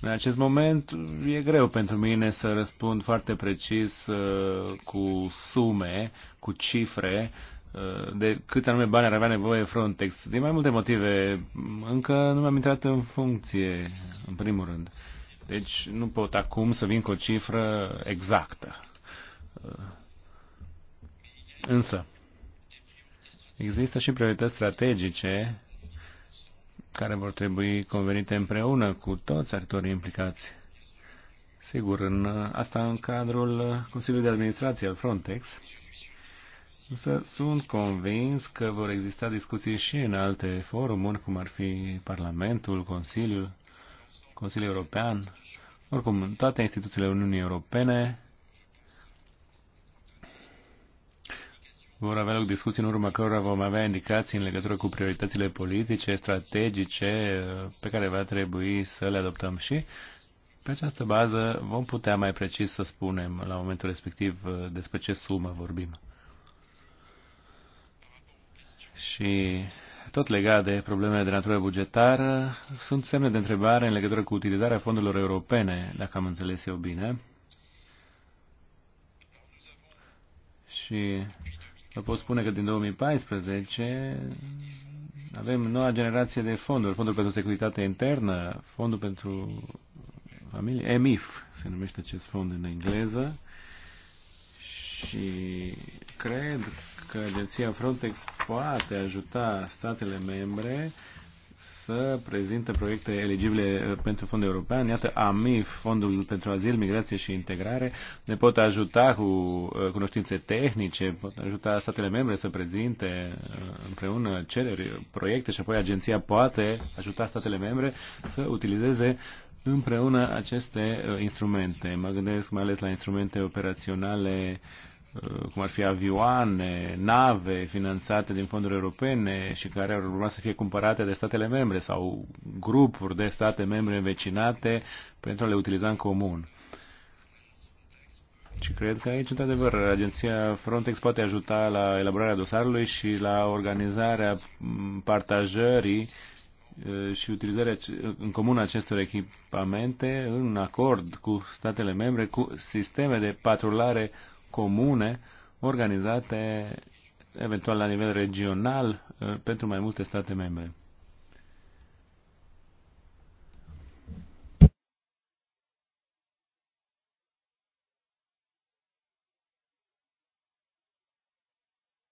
În acest moment e greu pentru mine să răspund foarte precis uh, cu sume, cu cifre, uh, de câți anume bani ar avea nevoie Frontex, din mai multe motive. Încă nu mi-am intrat în funcție, în primul rând. Deci nu pot acum să vin cu o cifră exactă. Însă, Există și priorități strategice care vor trebui convenite împreună cu toți actorii implicați. Sigur, în, asta în cadrul Consiliului de Administrație al Frontex, însă sunt convins că vor exista discuții și în alte forumuri, cum ar fi Parlamentul, Consiliul, Consiliul European, oricum, toate instituțiile Uniunii Europene vor avea loc discuții în urma cărora vom avea indicații în legătură cu prioritățile politice, strategice, pe care va trebui să le adoptăm și pe această bază vom putea mai precis să spunem la momentul respectiv uh, despre ce sumă vorbim. Și tot legat de problemele de natură bugetară, sunt semne de întrebare în legătură cu utilizarea fondurilor europene, dacă am înțeles eu bine. Și eu pot spune că din 2014 avem noua generație de fonduri, Fondul pentru Securitate Internă, Fondul pentru Familie, EMIF se numește acest fond în engleză și cred că agenția Frontex poate ajuta statele membre să prezinte proiecte eligibile uh, pentru fondul european. Iată, AMIF, Fondul pentru Azil, Migrație și Integrare, ne pot ajuta cu uh, cunoștințe tehnice, pot ajuta statele membre să prezinte uh, împreună cereri, proiecte și apoi agenția poate ajuta statele membre să utilizeze împreună aceste instrumente. Mă gândesc mai ales la instrumente operaționale uh, Uh, cum ar fi avioane, nave finanțate din fonduri europene și care ar urma să fie cumpărate de statele membre sau grupuri de state membre învecinate pentru a le utiliza în comun. Și cred că aici, într-adevăr, agenția Frontex poate ajuta la elaborarea dosarului și la organizarea partajării uh, și utilizarea în comun acestor echipamente în acord cu statele membre, cu sisteme de patrulare comune organizate eventual la nivel regional uh, pentru mai multe state membre.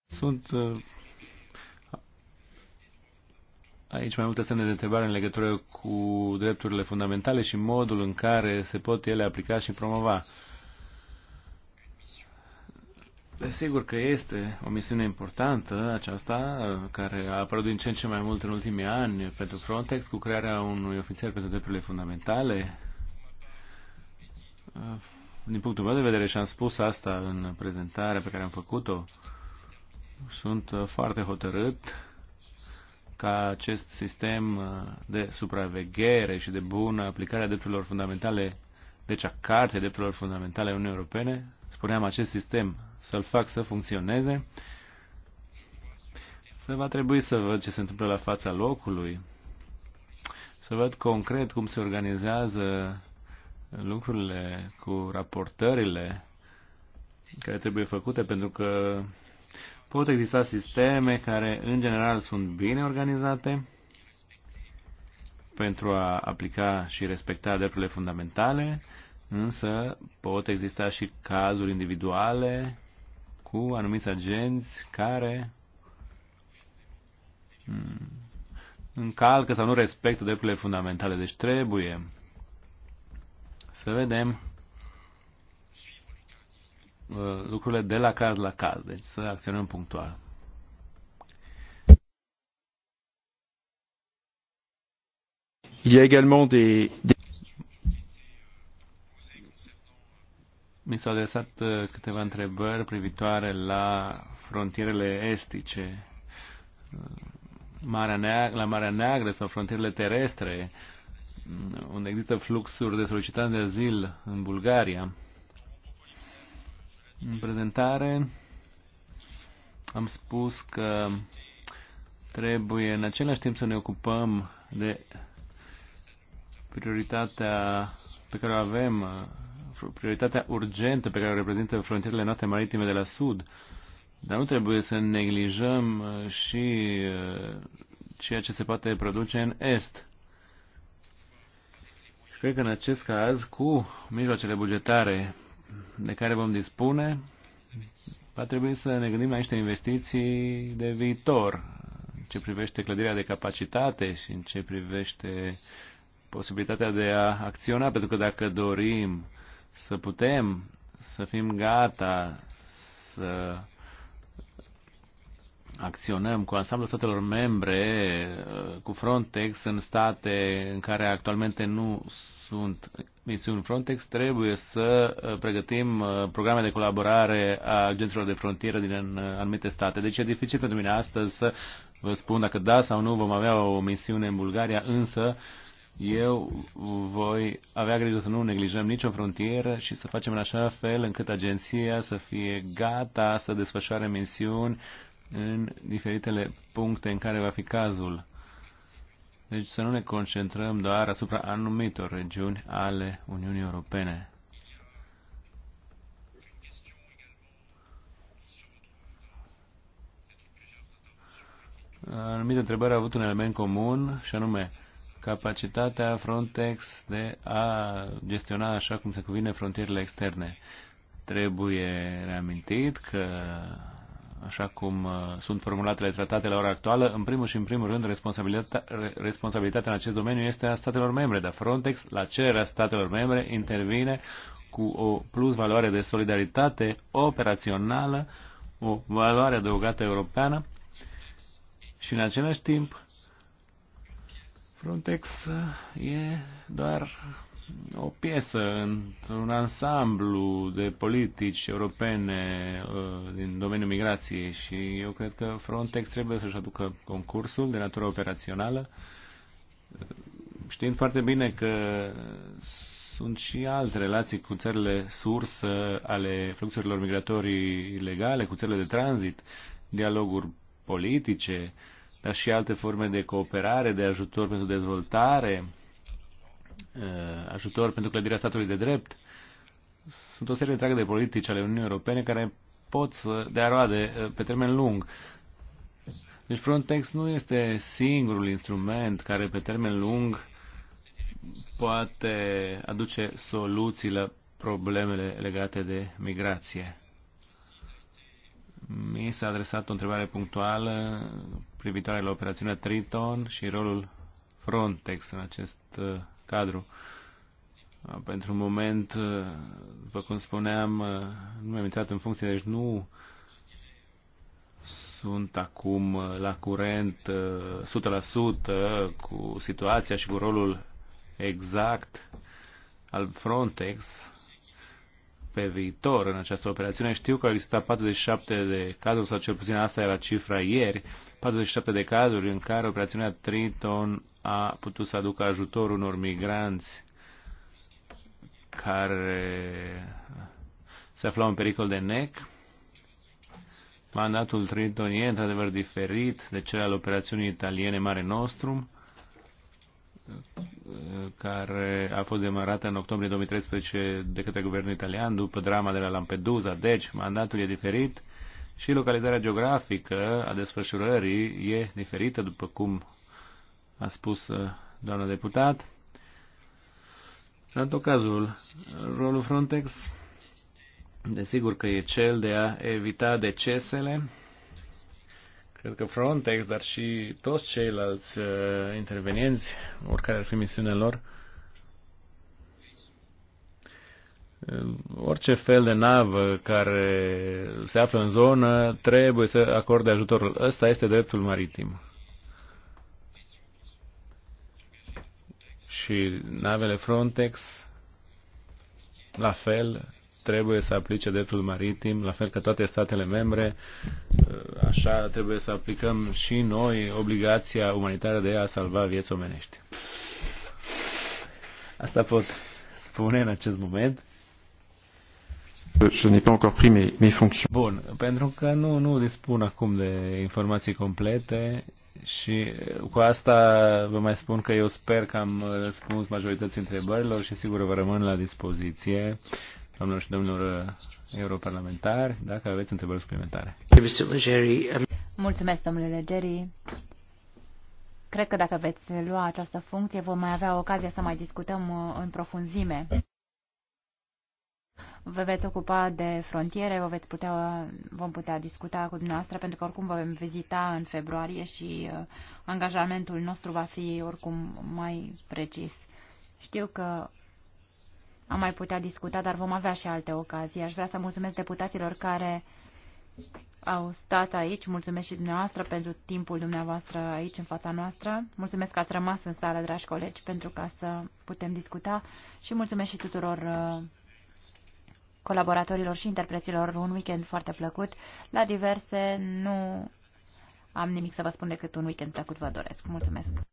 Sunt uh, aici mai multe semne de întrebare în legătură cu drepturile fundamentale și modul în care se pot ele aplica și promova. Sigur că este o misiune importantă aceasta, care a apărut din ce în ce mai mult în ultimii ani pentru Frontex, cu crearea unui ofițer pentru drepturile fundamentale. Din punctul meu de vedere, și am spus asta în prezentarea pe care am făcut-o, sunt foarte hotărât ca acest sistem de supraveghere și de bună aplicare a drepturilor fundamentale, deci a Cartei Drepturilor Fundamentale a Uniunii Europene, spuneam, acest sistem să-l fac să funcționeze. Să va trebui să văd ce se întâmplă la fața locului, să văd concret cum se organizează lucrurile cu raportările care trebuie făcute, pentru că pot exista sisteme care, în general, sunt bine organizate pentru a aplica și respecta drepturile fundamentale, însă pot exista și cazuri individuale cu anumiți agenți care hmm, încalcă sau nu respectă drepturile fundamentale. Deci trebuie să vedem uh, lucrurile de la caz la caz, deci să acționăm punctual. Il y a également des, des... Mi s-au adresat uh, câteva întrebări privitoare la frontierele estice, uh, Marea Neagră, la Marea Neagră sau frontierele terestre, mm, unde există fluxuri de solicitanți de azil în Bulgaria. În prezentare am spus că trebuie în același timp să ne ocupăm de prioritatea pe care o avem uh, prioritatea urgentă pe care o reprezintă frontierele noastre maritime de la sud. Dar nu trebuie să neglijăm uh, și uh, ceea ce se poate produce în est. Și cred că în acest caz, cu mijloacele bugetare de care vom dispune, va trebui să ne gândim la niște investiții de viitor, în ce privește clădirea de capacitate și în ce privește posibilitatea de a acționa, pentru că dacă dorim să putem să fim gata să acționăm cu ansamblul statelor membre, uh, cu Frontex în state în care actualmente nu sunt misiuni Frontex, trebuie să uh, pregătim uh, programe de colaborare a agenților de frontieră din anumite state. Deci e dificil pentru mine astăzi să vă spun dacă da sau nu vom avea o misiune în Bulgaria, însă uh, eu voi avea grijă să nu neglijăm nicio frontieră și să facem în așa fel încât agenția să fie gata să desfășoare misiuni în diferitele puncte în care va fi cazul. Deci să nu ne concentrăm doar asupra anumitor regiuni ale Uniunii Europene. Anumite întrebări au avut un element comun și anume capacitatea Frontex de a gestiona așa cum se cuvine frontierele externe. Trebuie reamintit că așa cum uh, sunt formulatele tratate la ora actuală, în primul și în primul rând responsabilitatea, responsabilitatea în acest domeniu este a statelor membre, dar Frontex, la cererea statelor membre, intervine cu o plus valoare de solidaritate operațională, o valoare adăugată europeană și în același timp Frontex uh, e doar o piesă într-un ansamblu de politici europene uh, din domeniul migrației și eu cred că Frontex trebuie să-și aducă concursul de natură operațională, uh, știind foarte bine că sunt și alte relații cu țările sursă ale fluxurilor migratorii ilegale, cu țările de tranzit, dialoguri politice, uh, dar și alte forme de cooperare, de ajutor pentru dezvoltare, eh, ajutor pentru clădirea statului de drept. Sunt o serie întreagă de politici ale Uniunii Europene care pot să dea roade eh, pe termen lung. Deci Frontex nu este singurul instrument care pe termen lung poate aduce soluții la problemele legate de migrație. Mi s-a adresat o întrebare punctuală privitoare la operațiunea Triton și rolul Frontex în acest uh, cadru. Uh, pentru un moment, uh, după cum spuneam, nu am intrat în funcție, deci nu sunt acum la curent 100% cu situația și cu rolul exact al Frontex pe viitor în această operațiune. Știu că au existat 47 de cazuri, sau cel puțin asta era cifra ieri, 47 de cazuri în care operațiunea Triton a putut să aducă ajutor unor migranți care se aflau în pericol de NEC. Mandatul Triton e într-adevăr diferit de cel al operațiunii italiene Mare Nostrum care a fost demarată în octombrie 2013 de către guvernul italian după drama de la Lampedusa. Deci, mandatul e diferit și localizarea geografică a desfășurării e diferită, după cum a spus uh, doamna deputat. În tot cazul, rolul Frontex, desigur că e cel de a evita decesele Cred că Frontex, dar și toți ceilalți uh, intervenienți, oricare ar fi misiunea lor, uh, orice fel de navă care se află în zonă trebuie să acorde ajutorul. Ăsta este dreptul maritim. Și navele Frontex, la fel, trebuie să aplice dreptul maritim, la fel ca toate statele membre, uh, așa trebuie să aplicăm și noi obligația umanitară de a salva vieți omenești. Asta pot spune în acest moment. Je n'ai pas encore pris mes, mes fonctions. Bun, pentru că nu, nu dispun acum de informații complete și cu asta vă mai spun că eu sper că am răspuns majorității întrebărilor și sigur vă rămân la dispoziție doamnelor și domnilor eh, europarlamentari, dacă aveți întrebări suplimentare. Mulțumesc, domnule Legeri. Cred că dacă veți lua această funcție, vom mai avea ocazia să mai discutăm eh, în profunzime. Vă veți ocupa de frontiere, vă veți putea, vom putea discuta cu dumneavoastră, pentru că oricum vom vizita în februarie și eh, angajamentul nostru va fi oricum mai precis. Știu că am mai putea discuta, dar vom avea și alte ocazii. Aș vrea să mulțumesc deputaților care au stat aici. Mulțumesc și dumneavoastră pentru timpul dumneavoastră aici în fața noastră. Mulțumesc că ați rămas în sală, dragi colegi, pentru ca să putem discuta și mulțumesc și tuturor uh, colaboratorilor și interpreților un weekend foarte plăcut. La diverse nu am nimic să vă spun decât un weekend plăcut vă doresc. Mulțumesc!